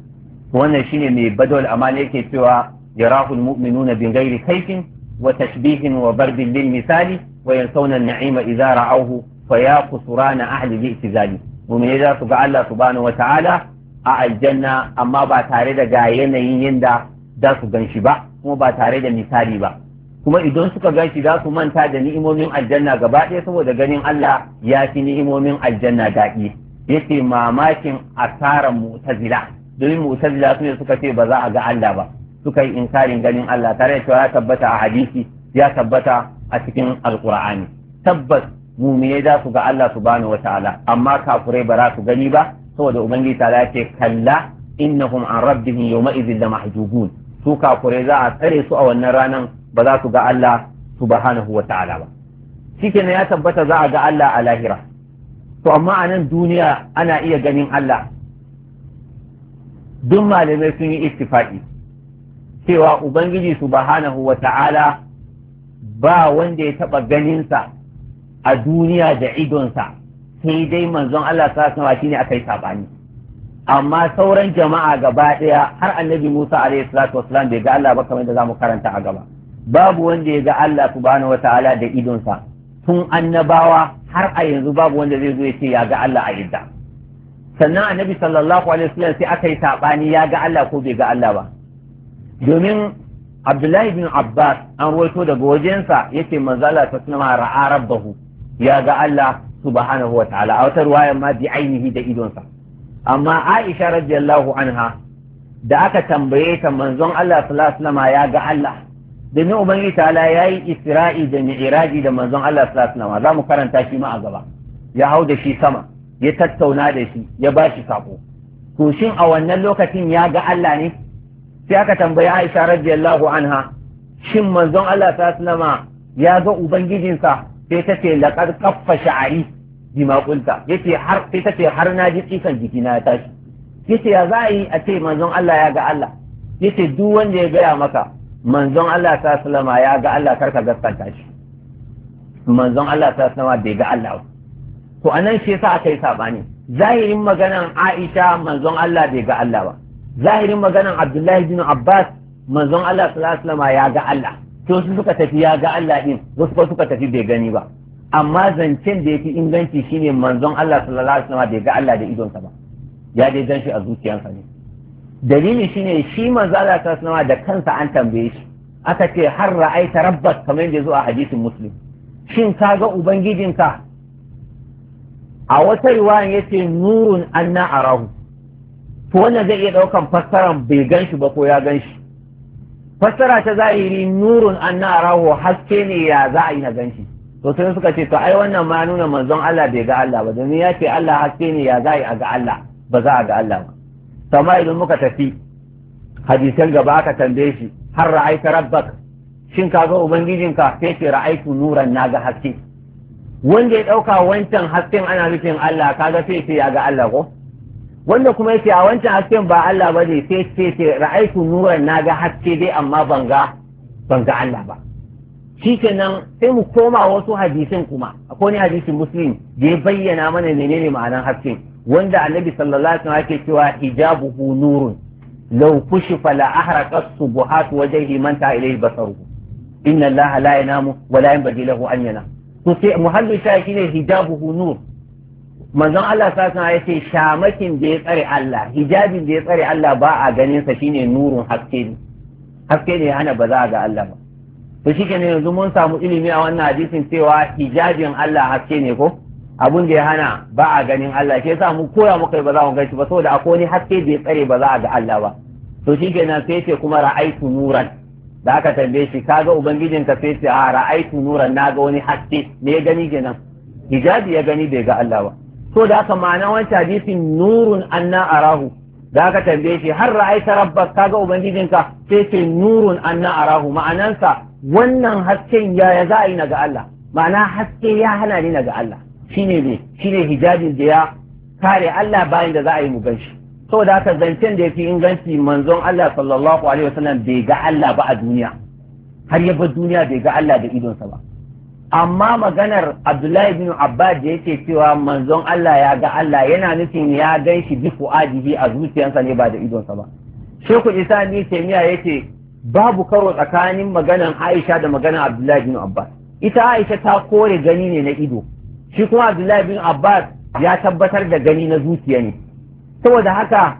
wannan shine mai badal amana yake cewa yarahul mu'minuna bin ghairi kaifin وتشبيه وبرد للمثال وينسون النعيم إذا رعوه فيا قصران أهل الاعتزال ومن إذا سبع الله سبحانه وتعالى a aljanna amma ba tare da ga yanayin yadda za su gan shi ba kuma ba tare da misali ba kuma idan suka gan shi za su manta da ni'imomin aljanna gaba ɗaya saboda ganin Allah ya fi ni'imomin aljanna daɗi yace mamakin asaran mu'tazila domin mu'tazila su ne suka ce ba za a ga Allah ba suka yi inkarin ganin Allah tare da cewa ya tabbata a hadisi ya tabbata a cikin alkur'ani tabbas mumine za su ga Allah subhanahu wa ta'ala amma kafurai ba za su gani ba saboda ubangiji ta ce kalla innahum an rabbihim yawma idhin da mahjubun su kafurai za a tsare su a wannan ranan ba za su ga Allah subhanahu wa ta'ala ba shikenan ya tabbata za a ga Allah a lahira to amma a nan duniya ana iya ganin Allah duk malamai sun yi istifaki cewa ubangiji subhanahu wa ta'ala ba wanda ya taɓa ganinsa a duniya da idonsa sai dai manzon Allah ta sama shi ne aka yi saɓani amma sauran jama'a gaba ɗaya har annabi Musa wasalam bai ga Allah ba kamar da za mu karanta a gaba babu wanda ya ga Allah subhanahu ta'ala da idonsa tun annabawa har a yanzu babu wanda zai zo ya ce ya ga Allah a idda sannan annabi sallallahu alaihi wasallam sai aka yi saɓani ya ga Allah ko bai ga Allah ba domin abdullahi bin abbas an roto daga wajensa yake manzala ta sunama ra'arar bahu ya ga Allah subhanahu wa ta'ala a wata ruwayan ma bi ainihi da idonsa amma aisha radiyallahu anha da aka tambaye ta manzon Allah sallallahu alaihi ya ga Allah domin ubangiji ta'ala yayi isra'i da mi'raji da manzon Allah sallallahu alaihi za mu karanta shi ma a gaba ya hau da shi sama ya tattauna da shi ya ba shi sako to shin a wannan lokacin ya ga Allah ne sai aka tambayi Aisha radiyallahu anha shin manzon Allah ta sallama ya ga ubangijinsa sai ta ce laqad qaffa sha'ari bima yace har sai ta ce har na ji tsikan jikina ya tashi yace ya za yi a ce manzon Allah ya ga Allah yace duk wanda ya gaya maka manzon Allah ta sallama ya ga Allah karka gaskanta shi manzon Allah ta sallama bai ga Allah ba to anan shi yasa aka yi sabani zahirin maganan Aisha manzon Allah bai ga Allah ba zahirin maganan abdullahi bin abbas manzon allah ya ga allah to su suka tafi ya ga allah din wasu ko suka tafi bai gani ba amma zancen da yafi inganci shine manzon allah bai ga allah da idonsa ba ya dai gan shi a zuciyarsa ne dalili shine shi Manzon allah da kansa an tambaye shi aka ce har ra'aita rabbat kamar yadda zuwa hadisin muslim shin ka ga ubangijinka a wata riwayan yace nurun anna arahu to wannan zai iya ɗaukan fassaran bai gan shi ba ko ya gan shi fassara ta zahiri nurun an na raho haske ne ya za a yi na gan shi to sai suka ce to ai wannan ma nuna manzon Allah bai ga Allah ba domin ya ce Allah haske ne ya za a yi a ga Allah ba za a ga Allah ba sama idan muka tafi hadisan gaba aka tambaye shi har ra'aita rabbak shin ka ga ka sai ce ra'aitu nuran na ga haske wanda ya ɗauka wancan hasken ana nufin Allah kaga sai ce ya ga Allah ko wanda kuma yake a wancan hasken ba Allah ba ne sai ce ce ra'aitu nuran na ga haske dai amma ban ga Allah ba shi kenan sai mu koma wasu hadisin kuma akwai ne hadisin muslim da ya bayyana mana menene ma'anar haske wanda annabi sallallahu alaihi wasallam yake cewa hijabuhu nurun law kushifa la ahraqa subuhat wajhi man ta ilayhi basaruhu inna allaha la yanamu wa la yanbaghi lahu an yanam to sai muhallu shi ne hijabuhu nur manzon Allah sasana ya ce shamakin da ya tsare Allah hijabin da ya tsare Allah ba a ganin sa shine nurun haske ne haske ne hana ba za a ga Allah ba to shike ne yanzu mun samu ilimi a wannan hadisin cewa hijabin Allah haske ne ko abun da ya hana ba a ganin Allah shi sa mu koya muka ba za mu gaishe ba saboda akwai wani haske da ya tsare ba za a ga Allah ba to shike nan sai ce kuma ra'aitu nuran da aka tambaye shi kaga ubangijinka sai ce a ra'aitu nuran naga wani haske me ya gani kenan hijabi ya gani bai ga Allah ba so da haka ma'ana wancan hadisin nurun anna arahu da aka tambaye shi har ra'aita rabbak kaga ubangijinka sai ce nurun anna arahu ma'anansa wannan hasken yaya za a yi naga Allah ma'ana haske ya hana ni naga Allah Shi ne ne hijabin da ya kare Allah bayan da za a yi mu ganshi saboda haka zancen da yafi inganci manzon Allah sallallahu alaihi wasallam bai ga Allah ba a duniya har ya bar duniya bai ga Allah da idonsa ba amma maganar abdullahi bin abbas da yake cewa manzon Allah ya ga Allah yana nufin ya gan shi bi fu'adihi a zuciyarsa ne ba da idonsa ba sheku isa ni ya ce babu karo tsakanin maganar aisha da maganar abdullahi bin abbas ita aisha ta kore gani ne na ido shi kuma abdullahi bin abbas ya tabbatar da gani na zuciya ne saboda haka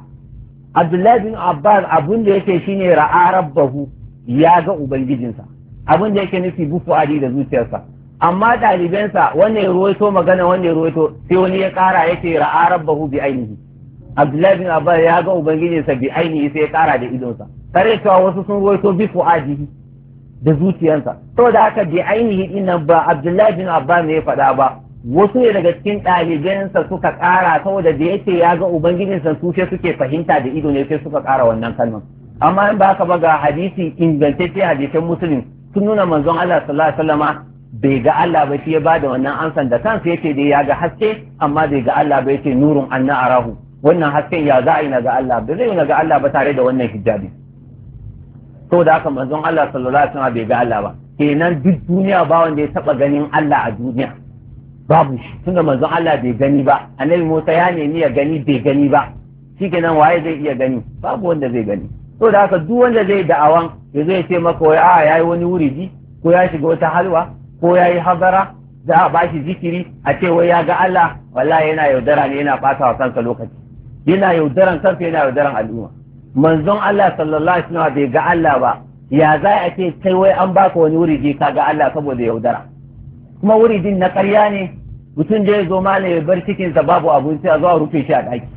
abdullahi bin abbas abun da yake shine ra'a rabbahu ya ga ubangijinsa abin da yake nufi bufu adi da zuciyarsa amma ɗalibansa wannan ya ruwaito magana wannan ya ruwaito sai wani ya ƙara ya ce ra'a rabbahu bi ainihi abdullahi bin abbas ya ga ubangijinsa bi ainihi sai ya ƙara da idonsa tare cewa wasu sun ruwaito bi fu'adihi da zuciyansa saboda haka bi ainihi din ba abdullahi bin abbas ne ya faɗa ba wasu ne daga cikin ɗalibansa suka ƙara saboda da ya ce ya ga ubangijinsa su sai suke fahimta da ido ne sai suka ƙara wannan kalmar amma in ba haka ba ga hadisi ingantacce hadisan musulun sun nuna manzon Allah sallallahu alaihi wasallama bai ga Allah ba shi ya bada wannan ansan da kansa yace dai ya ga haske amma bai ga Allah ba yace nurun anna arahu wannan hasken ya za a yi na ga Allah ba zai yi na ga Allah ba tare da wannan hijabi to da haka manzon Allah sallallahu alaihi wasallam bai ga Allah ba kenan duk duniya ba wanda ya taba ganin Allah a duniya babu shi tunda manzon Allah bai gani ba annabi Musa ya nemi ya gani bai gani ba shikenan waye zai iya gani babu wanda zai gani to da haka duk wanda zai da'awan ya zai ce maka wai ah, a yayi wani wuridi ko ya shiga wata halwa ko ya yi hazara za a bashi zikiri a ce wai ya ga Allah Wala yana yaudara ne yana fasa wa kansa lokaci yana yaudaran kansa yana yaudaran al'umma manzon Allah sallallahu alaihi wasallam bai ga Allah ba ya za a ce kai wai an baka wani wuri je ka ga Allah saboda yaudara kuma wuridin na ƙarya ne mutum da ya zo malam ya bar cikin sa babu abinci a zo a rufe shi a ɗaki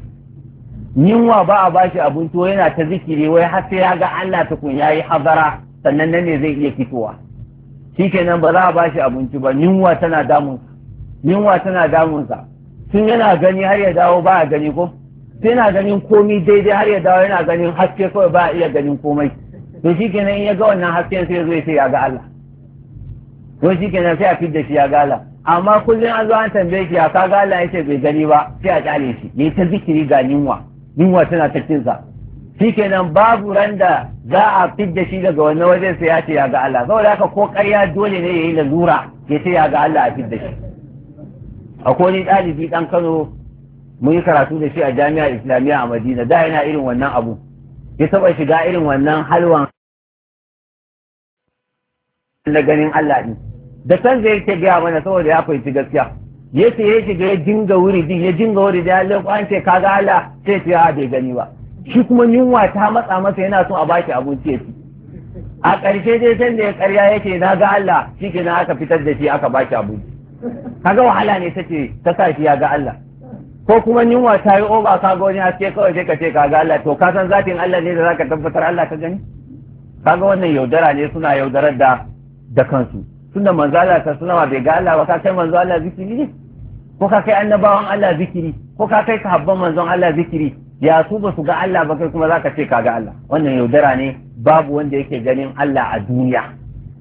yunwa ba a bashi abinci wai yana ta zikiri wai har sai ya ga Allah tukun ya yi hazara sannan nan ne zai iya fitowa kenan ba za a bashi abinci ba yunwa tana damun yunwa tana damunsa tun yana gani har ya dawo ba a gani ko sai yana ganin komi daidai har ya dawo yana ganin haske kawai ba a iya ganin komai to shikenan in ya ga wannan hasken sai zai ce ya ga Allah to shikenan sai a fidda shi ya ga Allah amma kullum an zo an tambaye shi ya ka ga Allah yace bai gani ba sai a kyale shi yayi ta zikiri ga yunwa yunwa tana ta kinsa shikenan babu randa za a fidda shi daga wani wajen sai ya ce ya ga Allah saboda haka ko ƙarya dole ne yayi lalura ya ce ya ga Allah a fidda shi akwai ni ɗalibi ɗan Kano mun yi karatu da shi a jami'ar Islamiyya a Madina da yana irin wannan abu ya saba shiga irin wannan halwan na ganin Allah ne. da san zai ke gaya mana saboda ya fahimci gaskiya ya ce ya shiga ya dinga wuri din ya dinga wuri da ya lokacin ce kaga Allah sai ya bai gani ba shi kuma yunwa ta matsa masa yana son a baki abinci ya ci a ƙarshe dai san da ya ƙarya yake na ga Allah shi ke aka fitar da shi aka baki abinci kaga wahala ne ta ce ta sa shi ya ga Allah ko kuma yunwa ta yi oba ka ga wani haske kawai sai ka ce ka ga Allah to ka san zatin Allah ne da zaka tabbatar Allah ka gani kaga wannan yaudara ne suna yaudarar da da kansu tunda manzo Allah ta sunama bai ga Allah ba ka kai manzo Allah zikiri ko ka kai annabawan Allah zikiri ko ka kai sahabban manzon Allah zikiri ya su ba su ga Allah ba kai kuma ka ce ka ga Allah wannan yaudara ne babu wanda yake ganin Allah a duniya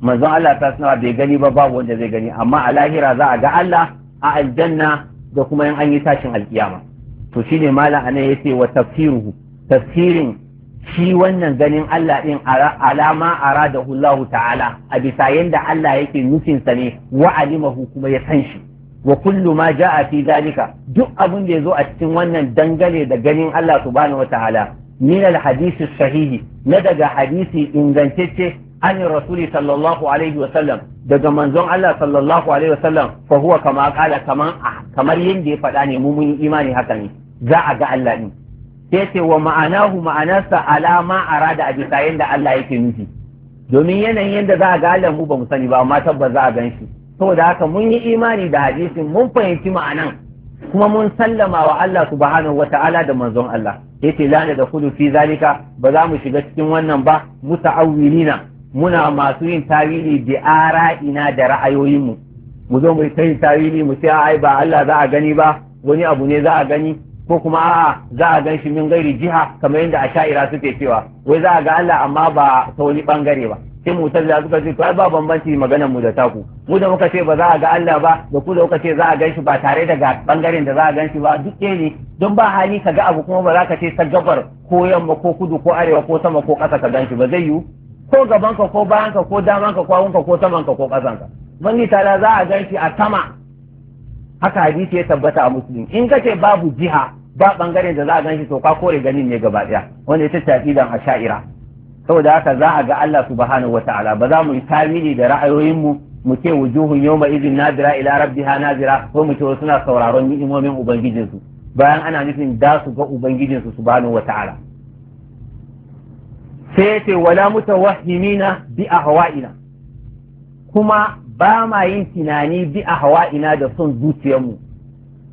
manzon Allah ta sanawa bai gani ba babu wanda zai gani amma a lahira za a ga Allah a aljanna da kuma in an yi tashin alkiyama to shine malam anan yace wa tafsiruhu tafsirin shi wannan ganin Allah din alama da Allah ta'ala a bisa yanda Allah yake nufinsa ne wa kuma ya san shi wa kullu ma ja'a fi zalika duk abin da yazo a cikin wannan dangane da ganin Allah subhanahu wataala min al sahihi na daga hadisi ingantacce an rasuli sallallahu alaihi wa sallam daga manzon Allah sallallahu alaihi wa sallam fa huwa kama qala kaman kamar yanda ya faɗa ne mu mun imani haka ne za a ga Allah ne sai ce wa ma'anahu ma'anarsa alama arada a bisa yanda Allah yake nufi domin yanayin yanda za a ga Allah mu ba mu sani ba amma tabbas za a gan shi saboda haka mun yi imani da hadisin mun fahimci ma'anan kuma mun sallama wa Allah subhanahu wata'ala da manzon Allah yace la da kudu fi zalika ba za mu shiga cikin wannan ba muta'awwilina muna masu yin tawili bi ara'ina da ra'ayoyinmu mu zo mu kai tawili mu ce ai ba Allah za a gani ba wani abu ne za a gani ko kuma a'a za a gan shi min gairi jiha kamar yadda a asha'ira suke cewa wai za a ga Allah amma ba ta wani bangare ba sai mu mu'tazila suka ce to ai ba bambanci maganar mu da taku mu da muka ce ba za a ga Allah ba da ku da kuka ce za a gan shi ba tare da ga bangaren da za a gan shi ba duk ɗaya ne don ba hali ka ga abu kuma ba za ka ce ta gabar ko yamma ko kudu ko arewa ko sama ko ƙasa ka gan ba zai yiwu ko gabanka ko bayanka ko damanka ko hagunka ko samanka ko ƙasanka bangi tala za a gan shi a sama haka hadisi ya tabbata a musulmi in ka ce babu jiha ba bangaren da za a gan to ka kore ganin ne gaba ɗaya wanda ya ce taƙidan a sha'ira saboda haka za a ga Allah subhanahu wataala ba za mu yi tawili da ra'ayoyinmu mu mu ce wujuhun yawma idin nadira ila rabbiha nadira ko mu ce suna sauraron ni'imomin ubangijinsu bayan ana nufin da su ga ubangijinsu subhanahu wataala sai ce wala mutawahhimina bi ahwa'ina kuma ba ma yin tunani bi ahwa'ina da son zuciyarmu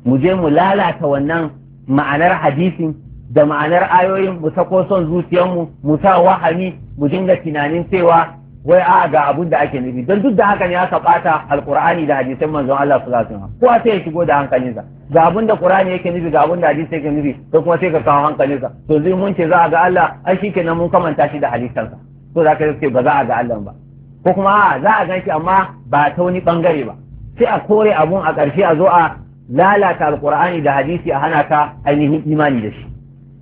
mu je mu lalata wannan ma'anar hadisin da ma'anar ayoyin mu sako son zuciyarmu mu sa wahami mu dinga tunanin cewa wai a ga abun da ake nufi don duk da haka ne aka bata alqur'ani da hadisan manzon Allah sallallahu alaihi wasallam kowa sai ya shigo da hankalinsa ga abun da qur'ani yake nufi ga abun da hadisi yake nufi to kuma sai ka kawo hankalinsa to zai mun ce za a ga Allah ai shikenan mun kamanta shi da hadisansa to za ka ce ba za a ga Allah ba ko kuma za a ganshi amma ba ta wani bangare ba sai a kore abun a ƙarshe a zo a lalata alqur'ani da hadisi a hana ka ainihin imani da shi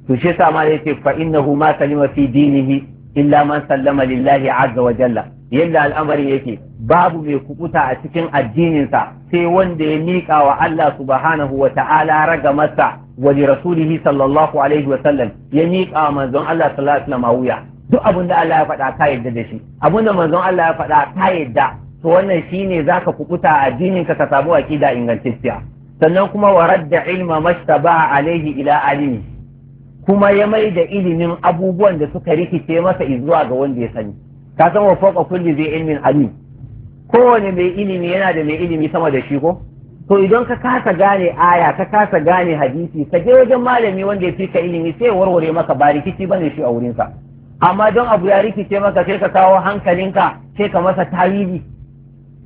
to shi yasa ma yace fa innahu ma salima fi dinihi illa man sallama lillahi azza wa jalla yadda al'amari yake babu mai kubuta a cikin addininsa sai wanda ya miƙa wa Allah subhanahu wa ta'ala ragamarsa wa li rasulihi sallallahu alaihi wa sallam ya miƙa manzon Allah sallallahu alaihi wa wuya duk abin da Allah ya faɗa ka yadda da shi abin da manzon Allah ya faɗa ka yadda to wannan shine zaka kubuta a addininka ka samu aqida ingantacciya sannan kuma wa radda ilma mashtabaha alaihi ila alimi kuma ya mai da ilimin abubuwan da suka rikice masa izuwa ga wanda ya sani ka san wa fawqa kulli zai ilimin alim kowane mai ilimi yana da mai ilimi sama da shi ko to idan ka kasa gane aya ka kasa gane hadisi ka je wajen malami wanda ya fi ka ilimi sai warware maka ba rikici bane shi a wurinsa amma don abu ya rikice maka sai ka kawo hankalinka sai ka masa tawili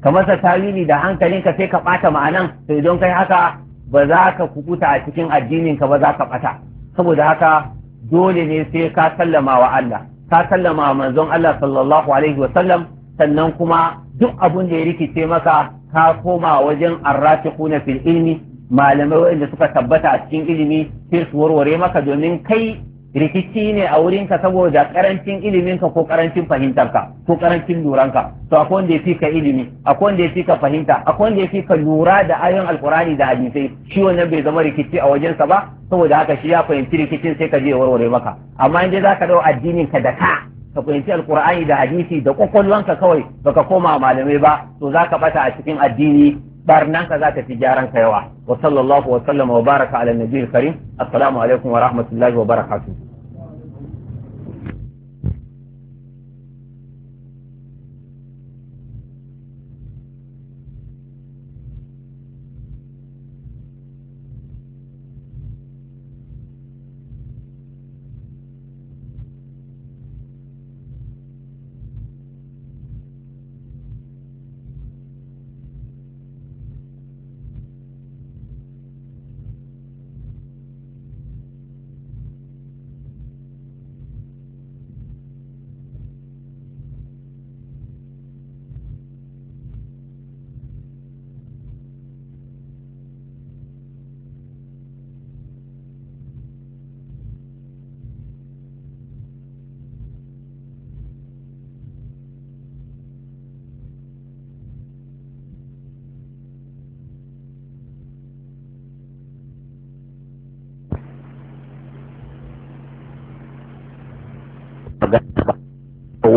ka masa tawili da hankalinka sai ka bata ma'anan to idan kai haka ba za ka kubuta a cikin addinin ka ba za ka bata saboda haka dole ne sai ka sallama wa Allah ka sallama wa manzon Allah sallallahu alaihi wa sallam sannan kuma duk abun da ya rikice maka ka koma wajen arrafiquna fil ilmi malamai wanda suka tabbata a cikin ilimi sai su warware maka domin kai rikici ne a wurinka saboda karancin iliminka ko karancin fahimtarka ko karancin luranka to akwai wanda ya ka ilimi akwai wanda ya ka fahimta akwai wanda ya ka lura da ayon alkurani da hadisai shi wannan bai zama rikici a wajensa ba saboda haka shi ya fahimci rikicin sai ka je warware maka amma in dai zaka dau addinin ka da ka ka fahimci alkur'ani da hadisi da kwakwalwanka kawai baka koma malamai ba to za ka bata a cikin addini ka za ta fi gyaran ka yawa wa sallallahu wa sallama wa baraka ala nabiyil karim assalamu alaikum wa rahmatullahi wa barakatuh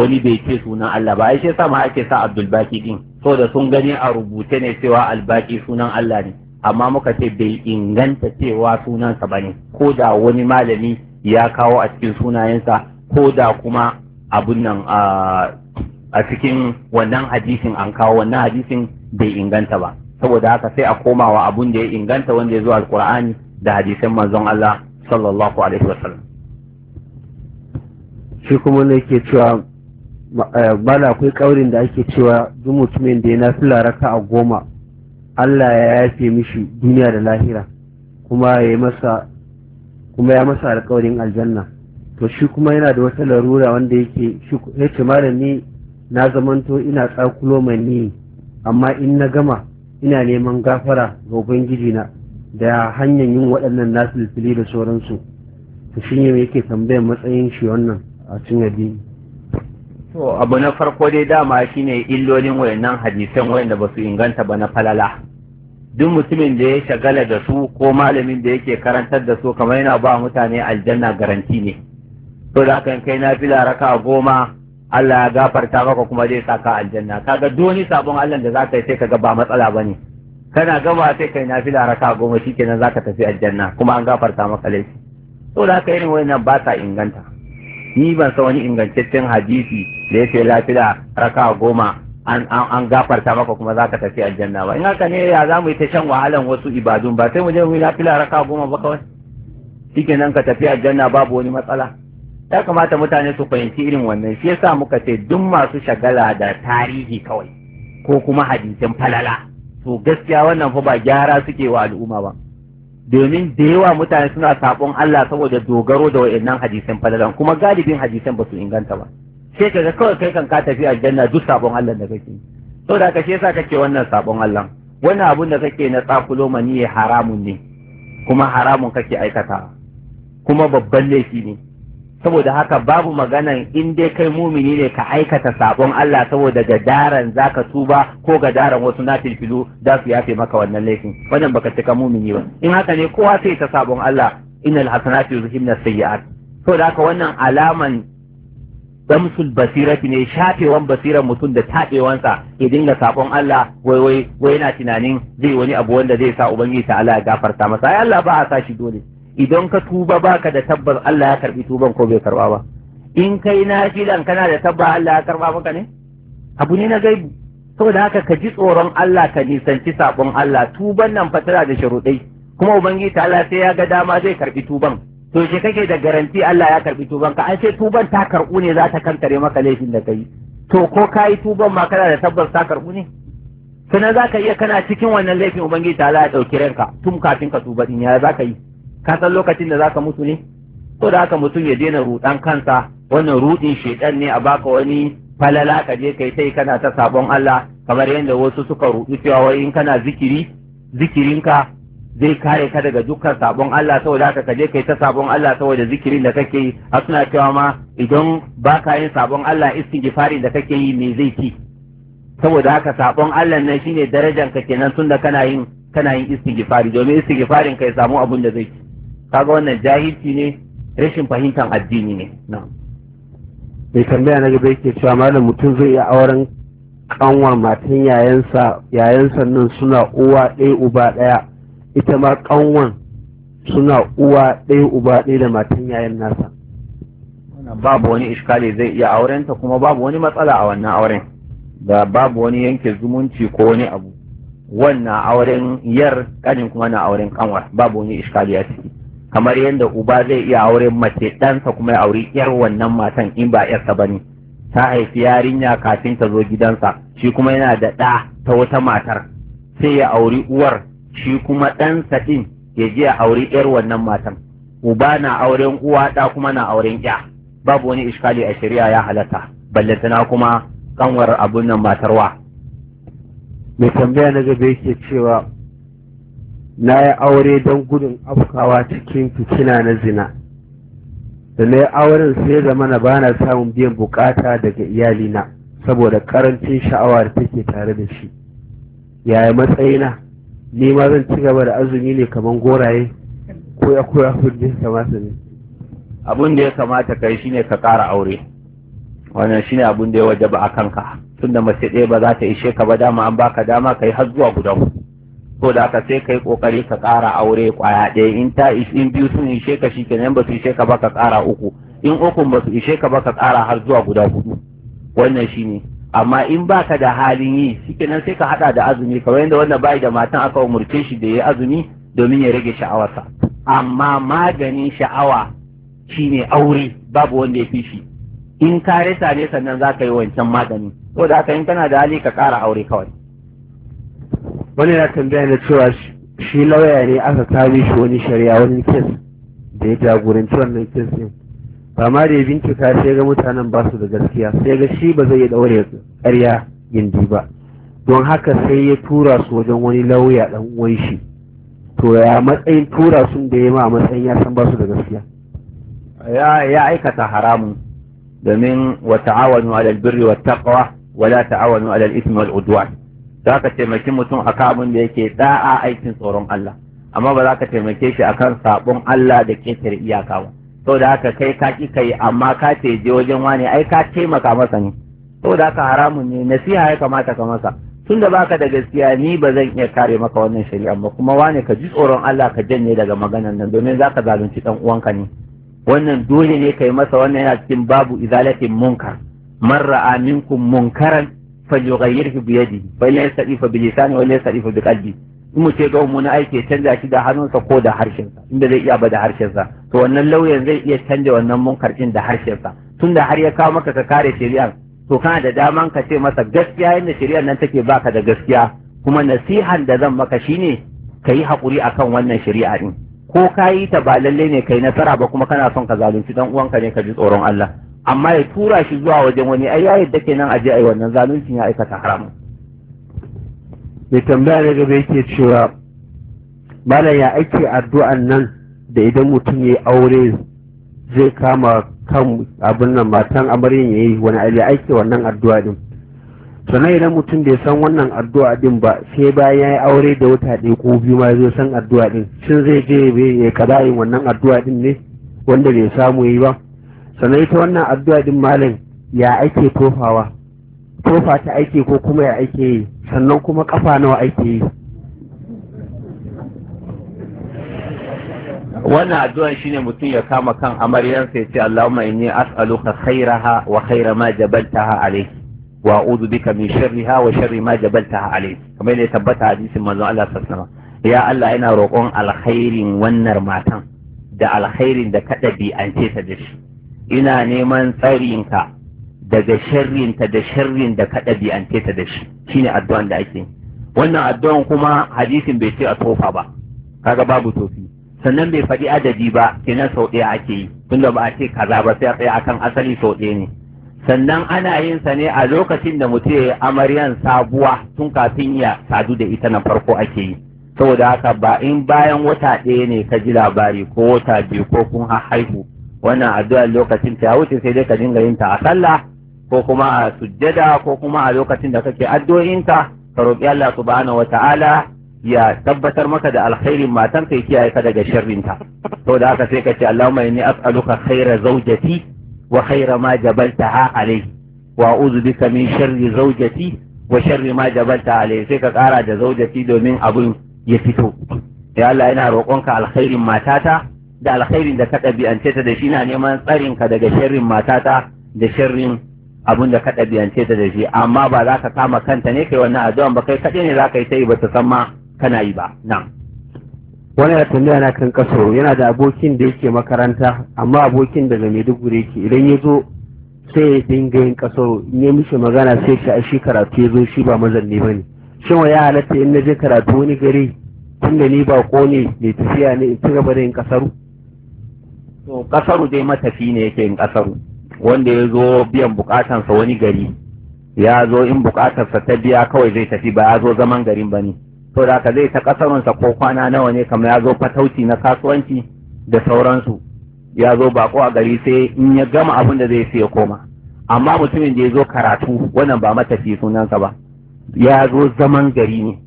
wani bai ce sunan Allah ba ai sai sa ma ake sa Abdul Baki din so da sun gani a rubuce ne cewa Al-Baki sunan Allah ne amma muka ce bai inganta cewa sunansa bane ko da wani malami ya kawo a cikin sunayensa ko da kuma abun nan a cikin wannan hadisin an kawo wannan hadisin bai inganta ba saboda haka sai a komawa abun da ya inganta wanda ya zo alkur'ani da hadisan manzon Allah sallallahu alaihi wasallam shi kuma ne ke cewa Eh, bala akwai kaurin da ake cewa duk mutumin da ya nafila raka a goma Allah ya yafe mishi duniya da lahira kuma ya masa kuma ya masa alƙawarin aljanna to shi kuma yana da wata larura wanda yake ya ce malami na zamanto ina tsakulo mai ni amma in na gama ina neman gafara ga ubangiji na da hanyar yin waɗannan nasu da sauransu to shi ne yake tambayar matsayin shi wannan a cin addini to abu na farko dai dama ne illolin wayannan hadisan wayanda ba su inganta ba na falala duk mutumin da ya shagala da su ko malamin da yake karantar da su kamar yana ba mutane aljanna garanti ne to da kan kai na fila raka goma Allah ya gafarta maka kuma zai sa ka aljanna kaga doni sabon Allah da zaka yi sai kaga ba matsala ba ne? kana gama sai kai na fila raka goma shikenan zaka tafi aljanna kuma an gafarta maka laifi to da irin wannan ba sa inganta ni ban san wani ingantaccen hadisi da yake lafiya raka goma an gafarta maka kuma za zaka tafi aljanna ba in haka ne ya zamu yi ta shan wahalan wasu ibadun ba sai mu je mu yi lafiya raka goma ba kawai shikenan ka tafi aljanna babu wani matsala ya kamata mutane su fahimci irin wannan shi yasa muka ce duk masu shagala da tarihi kawai ko kuma hadisin falala to gaskiya wannan fa ba gyara suke wa al'umma ba domin da yawa mutane suna saƙon Allah saboda dogaro da wa'annan hadisan falalan kuma galibin hadisan ba su inganta ba sai ga kawai kai kan ka tafi aljanna duk sabon Allah da kake to da kace yasa kake wannan saƙon Allah wannan abun da kake na tsakulo mani haramun ne kuma haramun kake aikata kuma babban laifi ne saboda haka babu maganan in dai kai mumini ne ka aikata sabon Allah saboda ga gadaran zaka tuba ko ga daren wasu na filfilu za su yafe maka wannan laifin wannan baka cika mumini ba in haka ne kowa sai ta sabon Allah innal hasanatu yuzhibna sayyi'at saboda haka wannan alaman damsul basirati ne shafewan basiran mutum da tabewansa ya dinga sabon Allah wai wai wai yana tunanin zai wani abu wanda zai sa ubangiji ta Allah ya gafarta masa ai Allah ba a sa shi dole idan ka tuba baka da tabbas Allah ya karbi tuban ko bai karba ba in kai na filan kana da tabba Allah ya karba maka ne abu ne na gaibu saboda haka ka ji tsoron Allah ka nisanci sabon Allah tuban nan fa tana da sharuɗai kuma ubangiji ta Allah sai ya ga dama zai karbi tuban to shi kake da garanti Allah ya karbi tuban ka an sai tuban ta karbu ne za ta kankare maka laifin da kai to ko kai tuban ma kana da tabbas ta karbu ne sannan za ka iya kana cikin wannan laifin ubangiji ta Allah ya ɗauki ranka tun kafin ka tuba din ya za ka yi ka san lokacin da za ka mutu ne ko da haka mutum ya daina rudan kansa wannan rudin shedan ne a baka wani falala ka je kai sai kana ta sabon Allah kamar yadda wasu suka rudu cewa wai in kana zikiri zikirinka zai kare ka daga dukkan sabon Allah saboda haka ka je kai ta sabon Allah saboda zikirin da kake yi a suna cewa ma idan baka yin sabon Allah istighfari da kake yi me zai ci saboda haka sabon Allah nan shine darajar ka kenan tunda kana yin kana yin istighfari domin istighfarin ka ya samu abun da zai ci kaga wannan jahilci ne rashin fahimtar addini ne mai tambaya na gaba yake cewa malam mutum zai iya auren kanwar matan yayansa yayansa nan suna uwa ɗaya uba ɗaya ita ma kanwar suna uwa ɗaya uba ɗaya da matan yayan nasa babu wani iskali zai iya aurenta kuma babu wani matsala a wannan auren da babu wani yanke zumunci ko wani abu wannan auren yar kanin kuma na auren kanwar babu wani iskali a ciki kamar yadda uba zai iya auren mace ɗansa kuma ya auri ƴar wannan matan in ba yarsa ba ne ta haifi yarinya kafin ta zo gidansa shi kuma yana da ɗa ta wata matar sai ya auri uwar shi kuma ɗansa ɗin ya je ya auri ƴar wannan matan uba na auren uwa ɗa kuma na auren ƴa, babu wani iskali a shari'a ya halatta ballantana kuma kanwar abun nan matarwa mai tambaya na gaba yake cewa na yi aure don gudun afkawa cikin fitina na zina da na yi auren sai zama na ba na samun biyan bukata daga iyalina saboda karancin sha'awa da take tare da shi yaya matsayina ni ma zan ci gaba da azumi ne kamar goraye ko ya koya kudin kamata ne abin da ya kamata kai ne ka ƙara aure wannan ne abin da ya wajaba a kanka tunda mace ɗaya ba za ta ishe ka ba dama an baka dama ka yi har zuwa guda hudu ko da aka sai kai kokari ka kara aure kwaya ɗaya in ta in biyu sun ishe ka shi kenan ba su ishe ka ba ka ƙara uku in uku ba su ishe ka ba ka kara har zuwa guda hudu wannan shi ne. amma in ba ka da halin yi shi kenan sai ka hada da azumi kawai yadda wannan bai da matan aka umurce shi da ya azumi domin ya rage sha'awarsa amma maganin sha'awa shine aure babu wanda ya fi shi in ka resa ne sannan za ka yi wancan magani ko da haka in kana da hali ka kara aure kawai wani yana tambaya na cewa shi lauya ne aka kawo shi wani shari'a wani kes da ya jagoranci wannan kes ne. ba ma da ya bincika sai ga mutanen ba su da gaskiya sai ga shi ba zai iya daure ƙarya gindi ba don haka sai ya tura su wajen wani lauya ɗan uwan shi to ya matsayin tura su da ya ma a matsayin ya san ba su da gaskiya ya aikata haramun domin wa ta'awanu alal birri wa taqwa wa la ta'awanu alal ismi wal udwan za ka taimaki mutum a abin da yake da'a aikin tsoron Allah amma ba za ka taimake shi a kan sabon Allah da ketare iyaka ba da haka kai ka ki kai amma ka ce je wajen wani ai ka taimaka masa ne da haka haramun ne nasiha ya kamata ka masa tun da baka da gaskiya ni ba zan iya kare maka wannan shari'a ba kuma wane ka ji tsoron Allah ka janye daga maganan nan domin za ka zalunci dan uwanka ne wannan dole ne ka yi masa wannan yana cikin babu izalatin munkar man ra'a munkaran falyughayyirhu bi yadi fa la yastatifa bi lisani ya la in mu ce ga mu na aiki canza shi da hannunsa ko da harshensa inda zai iya ba da harshensa to wannan lauyan zai iya canja wannan munkar din da harshensa da har ya kawo maka ka kare shari'ar to kana da daman ka ce masa gaskiya yadda shari'ar nan take baka da gaskiya kuma nasihan da zan maka shine ka yi haƙuri akan wannan shari'a din ko ka yi ta ba lallai ne kai nasara ba kuma kana son ka zalunci dan uwanka ne ka ji tsoron Allah amma ya tura shi zuwa wajen wani ai ya yadda kenan aje ai wannan zaluncin ya aikata haram mai tambaya ne gaba yake cewa malam ya ake addu'an nan da idan mutum ya aure zai kama kan abin nan matan amaryan yi wani ya ake wannan addu'a din sannan idan mutum bai san wannan addu'a din ba sai bayan ya yi aure da wata ɗaya ko biyu ma zai san addu'a din shin zai je ya kaza yin wannan addu'a din ne wanda bai samu yi ba sannan ita wannan addu'a din malam ya ake tofawa tofa ta aike ko kuma ya ake yi sannan kuma kafa nawa ake yi wannan addu'an shine mutum ya kama kan amaryarsa ya ce Allahumma inni as'aluka khairaha wa khaira ma jabaltaha alayhi wa a'udhu bika min sharriha wa sharri ma jabaltaha alayhi kamar ne tabbata hadisin manzon Allah sallallahu alaihi ya Allah ina roƙon alkhairin wannan matan da alkhairin da ka ɗabi'ance ta da shi ina neman tsarinka daga sharrinta da sharrin da ka ɗabi'ance ta da shi shine addu'an da ake wannan addu'an kuma hadisin bai ce a tofa ba kaga babu tofi sannan bai faɗi adadi ba kenan sau ɗaya ake yi tunda ba a ce kaza ba sai a tsaya akan asali sau ɗaya ne sannan ana yin sa ne a lokacin da mutum ya yi amaryan sabuwa tun kafin ya sadu da ita na farko ake yi saboda haka ba in bayan wata ɗaya ne ka ji labari ko wata biyu ko kun haihu wannan addu'a lokacin ta wuce sai dai ka dinga yin ta a sallah ko kuma a sujjada ko kuma a lokacin da kake addu'o'inka ka roƙi Allah subhanahu wata'ala ya tabbatar maka da alkhairin matanka ya kiyaye ka daga sharrinta to da haka sai ka ce Allahumma inni as'aluka khaira zawjati wa khaira ma jabaltaha alayhi wa a'udhu bika min sharri zawjati wa sharri ma jabalta alayhi sai ka kara da zawjati domin abun ya fito ya Allah ina roƙonka alkhairin matata da alkhairin da ka ɗabi'ance ta da shi na neman tsarin ka daga sharrin matata da sharrin abun da ka ɗabi'ance ta da shi amma ba za ka kama kanta ne kai wannan addu'an ba kai kaɗai ne za ka yi ta yi ba ta san ma kana yi ba nan. wani ya tambaya na kan kaso yana da abokin da yake makaranta amma abokin daga maiduguri yake idan ya zo sai ya dinga yin kaso in ya mishi magana sai shi a shi karatu ya zo shi ba mazanne ba ne shin ya halatta in na je karatu wani gari tunda ni ba ko ne mai tafiya ne in ci gaba da yin kasaru to kasaru dai matafi ne yake yin kasaru wanda ya zo biyan bukatansa wani gari ya zo in bukatarsa ta biya kawai zai tafi ba ya zo zaman garin ba ne to da ka zai ta kasarunsa ko kwana nawa ne kamar ya zo fatauci na kasuwanci da sauransu ya zo bako a gari sai in ya gama abin da zai sai ya koma amma mutumin da ya zo karatu wannan ba matafi sunansa ba ya zo zaman gari ne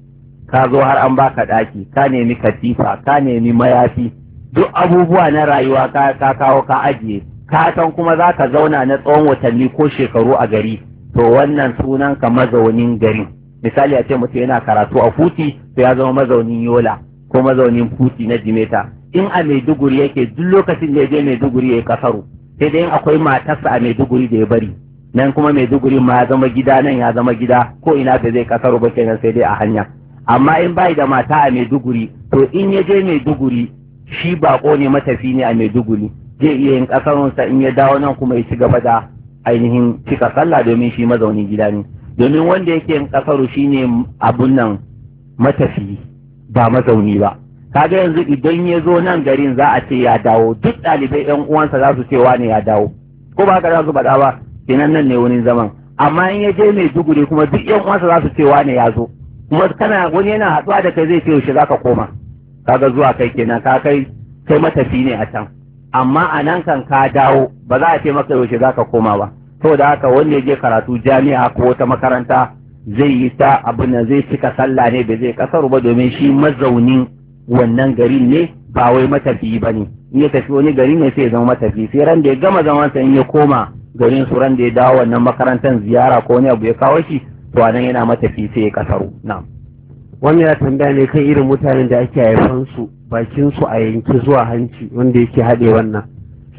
ka zo har an baka ɗaki, ka nemi katifa ka nemi mayafi duk abubuwa na rayuwa ka ka kawo ka ajiye ka san kuma za ka zauna na tsawon watanni ko shekaru a gari to wannan sunan ka mazaunin gari. misali a ce mutum yana karatu a futi to ya zama mazaunin yola ko mazaunin futi na jimeta in a maiduguri yake duk lokacin da ya je maiduguri ya kasaru sai dai akwai matarsa a maiduguri da ya bari nan kuma maiduguri ma ya zama gida nan ya zama gida ko ina da zai kasaru ba kenan sai dai a hanya amma in bai da mata a maiduguri to in ya je maiduguri shi baƙo ne matafi ne a maiduguri zai iya yin ƙasarunsa in ya dawo nan kuma ya ci gaba da ainihin cika sallah domin shi mazaunin gida ne domin wanda yake yin ƙasaru shi ne abun nan matafi ba mazauni ba kaga yanzu idan ya zo nan garin za a ce ya dawo duk ɗalibai ɗan uwansa za su ce wane ya dawo ko ba haka za su faɗa ba kenan nan ne wurin zaman amma in ya je Maiduguri, kuma duk ɗan uwansa za su ce wane ya zo kuma kana wani yana haɗuwa da kai zai ce yaushe za ka koma kaga zuwa kai kenan ka kai kai matafi ne a can amma a nan kan ka dawo ba za a ce maka yaushe za ka koma ba saboda haka wanda ya je karatu jami'a ko wata makaranta zai yi ta abin da zai cika sallah ne ba zai kasaru ba domin shi mazaunin wannan gari ne ba wai matafi ba ne in ya tafi wani gari ne sai ya zama matafi sai ran da ya gama zaman sa in ya koma garin su ran da ya dawo wannan makarantar ziyara ko wani abu ya kawo shi to nan yana matafi sai ya kasaru na'am wannan ya tambaya ne kan irin mutanen da ake haifan su bakin su a yanki zuwa hanci wanda yake haɗe wannan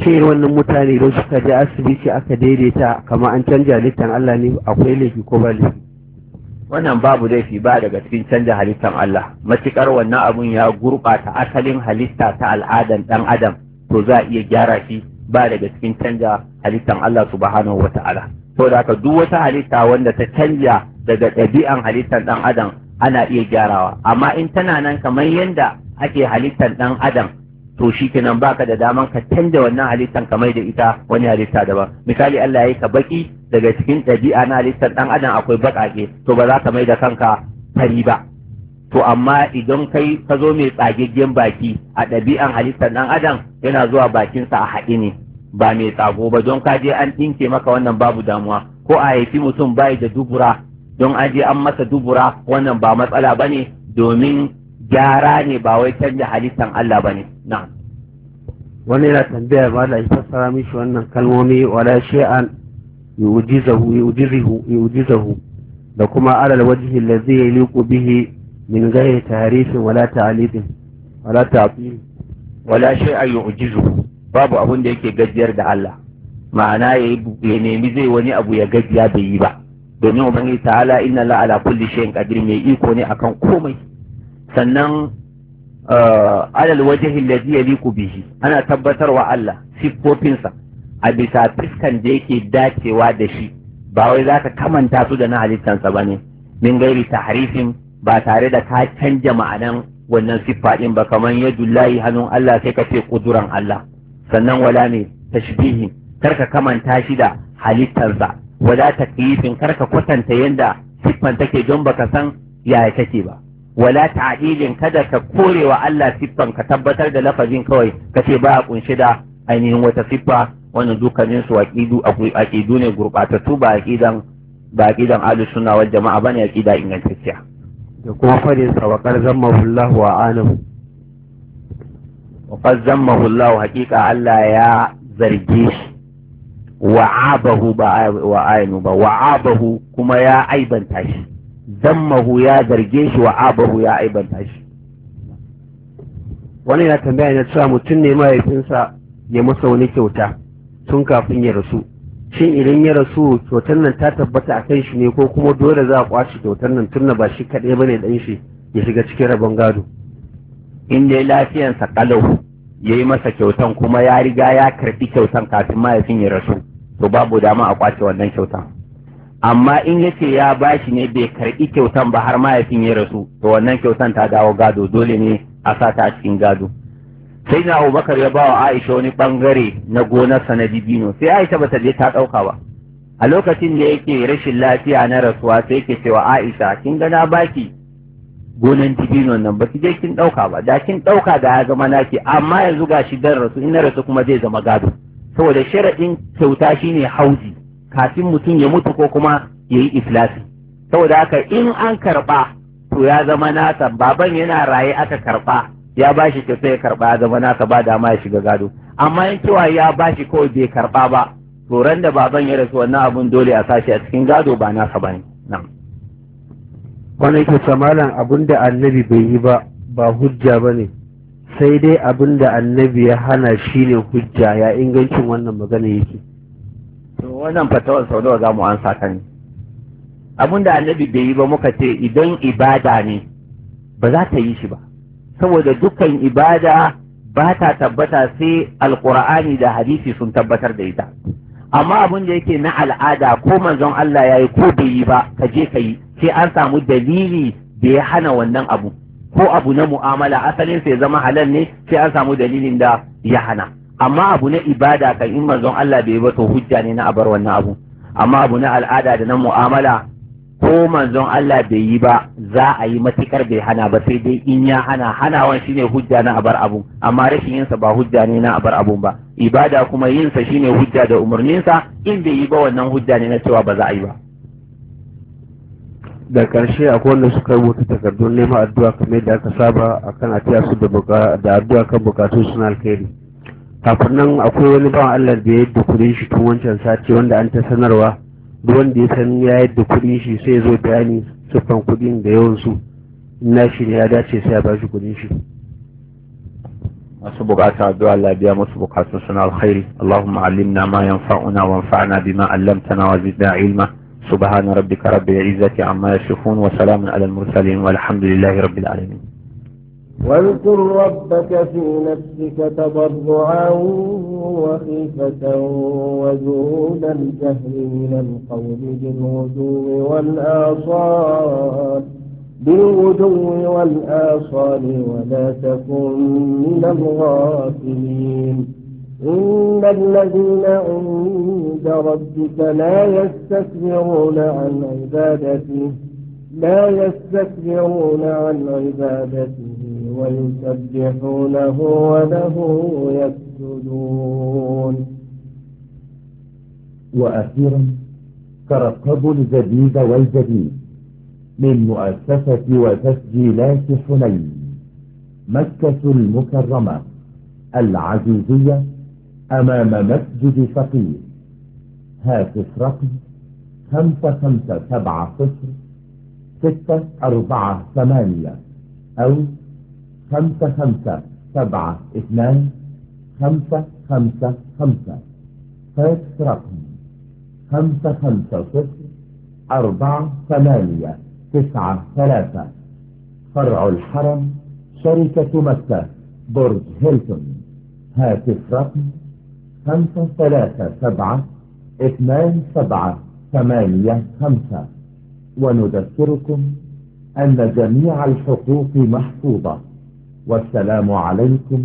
shi irin wannan mutane don suka je asibiti aka daidaita kamar an canja halittar Allah ne akwai laifi ko ba laifi wannan babu laifi ba daga cikin canja halittar Allah matukar wannan abun ya gurɓata asalin halitta ta al'adan dan adam to za a iya gyara shi ba daga cikin canja halittar Allah subhanahu wata'ala saboda haka duk wata halitta wanda ta canja daga ɗabi'an halittar dan adam ana iya gyarawa amma in tana nan kamar yadda ake halittar ɗan adam to shi kenan baka da daman ka canja wannan halittar kamar da ita wani halitta daban misali Allah ya ka baki daga cikin ɗabi'a na halittar ɗan adam akwai baƙaƙe to ba za ka mai da kanka fari ba to amma idan kai ka zo mai tsagaggen baki a ɗabi'an halittar ɗan adam yana zuwa bakinsa a haɗe ne ba mai tsago ba don ka je an ɗinke maka wannan babu damuwa ko a haifi mutum bai da dubura don aje an masa dubura wannan ba matsala ba ne domin gyara ne ba wai canja halittar Allah ba ne wani yana tambayar ba da ita mishi wannan kalmomi wala shay'an yujizahu yujizahu yujizahu da kuma alal wajhi allazi yaliqu bihi min ghairi tahrifin wala ta'libin wala ta'til wala shay'an yujizuhu babu abun da yake gajiyar da Allah ma'ana ya nemi zai wani abu ya gajiya bai yi ba domin ubangi ta'ala inna la ala kulli shay'in qadir mai iko ne akan komai sannan uh, alal wajhi alladhi yaliqu bihi ana tabbatarwa Allah siffofinsa a bisa fiskan da yake dacewa da shi ba wai zaka kamanta su da na halittansa ne. min gairi tahrifin ba tare da ka canja ma'anan wannan siffa din ba kamar yadu layi hannun Allah sai ka ce kuduran Allah sannan wala ne tashbihin kar ka kamanta shi da halittarsa wala taqyifin karka kwatanta yadda siffan take don baka san yaya take ba wala ta'dilin kada ka kore wa Allah siffan ka tabbatar da lafazin kawai kace ba a kunshe da ainihin wata siffa wannan dukkanin su aqidu aqidu ne gurbatattu ba aqidan ba aqidan ahlus sunna wal jama'a bane aqida ingantacciya da kuma fadin sa wa qad zammahu Allah wa anahu wa qad zammahu Allah haqiqa Allah ya zarge shi wa'abahu ba wa'ayinu ba wa'abahu kuma ya aibanta shi zammahu ya zarge shi wa'abahu ya aibanta shi wani yana tambaya na cewa mutum ne mahaifinsa ya masa wani kyauta tun kafin ya rasu shin idan ya rasu kyautar nan ta tabbata a kan shi ne ko kuma dole za a kwashi kyautar nan tun ba shi kaɗai bane dan shi ya shiga cikin rabon gado in dai lafiyansa kalau ya yi masa kyautan kuma ya riga ya karɓi kyautan kafin mahaifin ya rasu to babu dama a kwace wannan kyautan amma in yace ya bashi ne bai karbi kyautan ba har mahaifin ya rasu to wannan kyautan ta dawo gado dole ne a sata a cikin gado sai na Abubakar ya wa Aisha wani bangare na gonarsa na dibino sai Aisha bata je ta ɗauka ba a lokacin da yake rashin lafiya na rasuwa sai yake cewa Aisha kin ga na baki gonan dibino nan ba ki je kin ɗauka ba da kin ɗauka da ya zama naki amma yanzu gashi dan rasu in na rasu kuma zai zama gado saboda sharaɗin kyauta shine hauji kafin mutum ya mutu ko kuma ya yi iflasi saboda haka in an karɓa to ya zama nasa baban yana raye aka karɓa ya ba shi kyauta ya karɓa ya zama nasa ba dama ya shiga gado amma in cewa ya ba shi kawai bai karɓa ba to ran da baban ya rasu wannan abun dole a sashi a cikin gado ba nasa ba ne Wani ke samalan abun da annabi bai yi ba ba hujja ba ne sai dai abin da annabi ya hana shine hujja ya ingancin wannan magana yake to wannan fatawar sau nawa za mu an ta ne abin da annabi bai yi ba muka ce idan ibada ne ba za ta yi shi ba saboda dukkan ibada ba ta tabbata sai alkur'ani da hadisi sun tabbatar da ita amma abin da yake na al'ada ko manzon Allah ya yi ko bai yi ba ka je ka yi sai an samu dalili da ya hana wannan abu ko abu na mu'amala asalin sai zama halal ne sai an samu dalilin da ya hana amma abu na ibada kan in manzon Allah bai ba to hujja ne na abar wannan abu amma abu na al'ada da na mu'amala ko manzon Allah bai yi ba za a yi matukar bai hana ba sai dai in ya hana hanawan shine hujja na abar abu amma rashin yinsa ba hujja ne na abar abun ba ibada kuma yinsa shine hujja da umarninsa in bai yi ba wannan hujja ne na cewa ba za a yi ba da ƙarshe akwai wanda suka rubuta takardun neman addu'a kamar yadda aka saba akan a taya su da addu'a kan bukatu suna alkhairi kafin nan akwai wani bawan Allah da ya yadda kuɗin shi tun wancan sati wanda an ta sanarwa duk wanda ya san ya yadda kuɗin shi sai zo bayani siffan kuɗin da yawan su na shi ne ya dace sai ya ba shi kuɗin shi masu bukatan addu'a Allah biya masu bukatun suna alkhairi Allahumma alimna ma yanfa'una wanfa'na bima allamtana wa zidna ilma سبحان ربك رب العزة عما يشوفون وسلام على المرسلين والحمد لله رب العالمين واذكر ربك في نفسك تضرعا وخيفة وجود الجهل من القول بالغدو والآصال بالغدو والآصال ولا تكن من الغافلين إن الذين عند ربك لا يستكبرون عن عبادته لا يستكبرون عن عبادته ويسبحونه وله يسجدون وأخيرا ترقبوا الجديد والجديد من مؤسسة وتسجيلات حنين مكة المكرمة العزيزية أمام مسجد فقير هاتف رقم خمسة خمسة سبعة صفر ستة أربعة ثمانية أو خمسة خمسة سبعة اثنان خمسة خمسة خمسة فاكس رقم خمسة خمسة صفر أربعة ثمانية تسعة ثلاثة فرع الحرم شركة مكة برج هيلتون هاتف رقم خمسة ثلاثة سبعة اثنان سبعة ثمانية خمسة ونذكركم أن جميع الحقوق محفوظة والسلام عليكم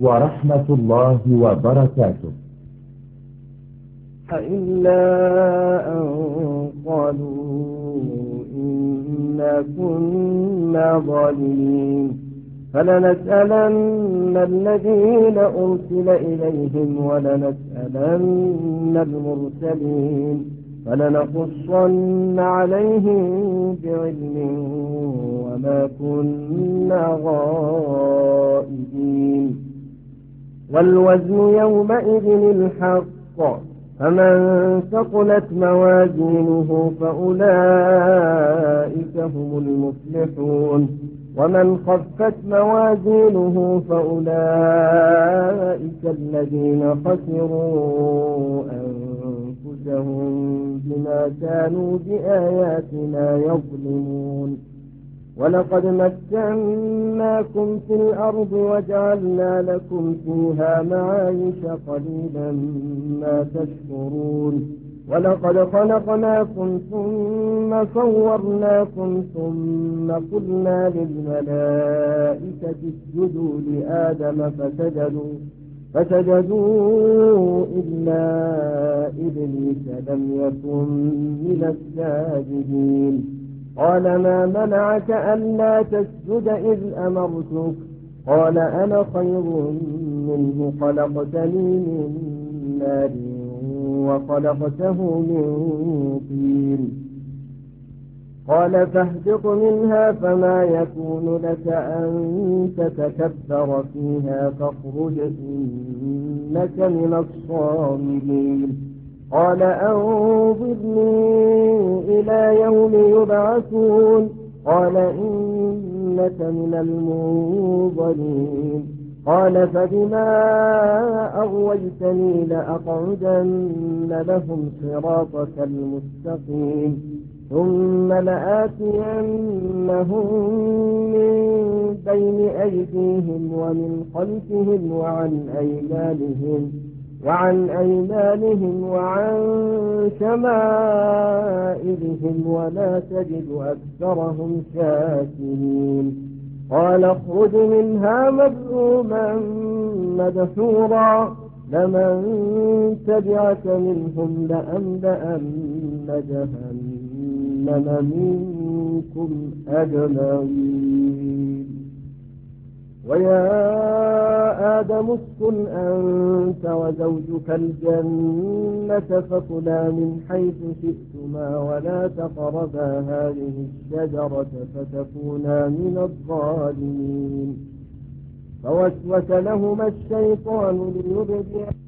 ورحمة الله وبركاته إلا أن قالوا إنا كنا ظالمين فلنسألن الذين أرسل إليهم ولنسألن المرسلين فلنقصن عليهم بعلم وما كنا غائبين والوزن يومئذ الحق فمن ثقلت موازينه فأولئك هم المفلحون ومن خفت موازينه فأولئك الذين خسروا أنفسهم بما كانوا بآياتنا يظلمون ولقد مكناكم في الأرض وجعلنا لكم فيها معايش قليلا ما تشكرون ولقد خلقناكم ثم صورناكم ثم قلنا للملائكة اسجدوا لآدم فسجدوا فسجدوا إلا إبليس لم يكن من الساجدين قال ما منعك ألا تسجد إذ أمرتك قال أنا خير منه خلقتني من نار وخلقته من طين قال فاهبط منها فما يكون لك أن تتكبر فيها فاخرج إنك من الصاغرين قال أنظرني إلى يوم يبعثون قال إنك من المنظرين قال فبما أغويتني لأقعدن لهم صراطك المستقيم ثم لآتينهم من بين أيديهم ومن خلفهم وعن أيمانهم وعن أيمانهم وعن شمائلهم ولا تجد أكثرهم شاكرين قال اخرج منها مذءوما مدحورا لمن تبعك منهم لأملأن جهنم منكم أجمعين ويا آدم اسكن أنت وزوجك الجنة فكلا من حيث شئتما ولا تقربا هذه الشجرة فتكونا من الظالمين فوسوس لهما الشيطان ليبدئ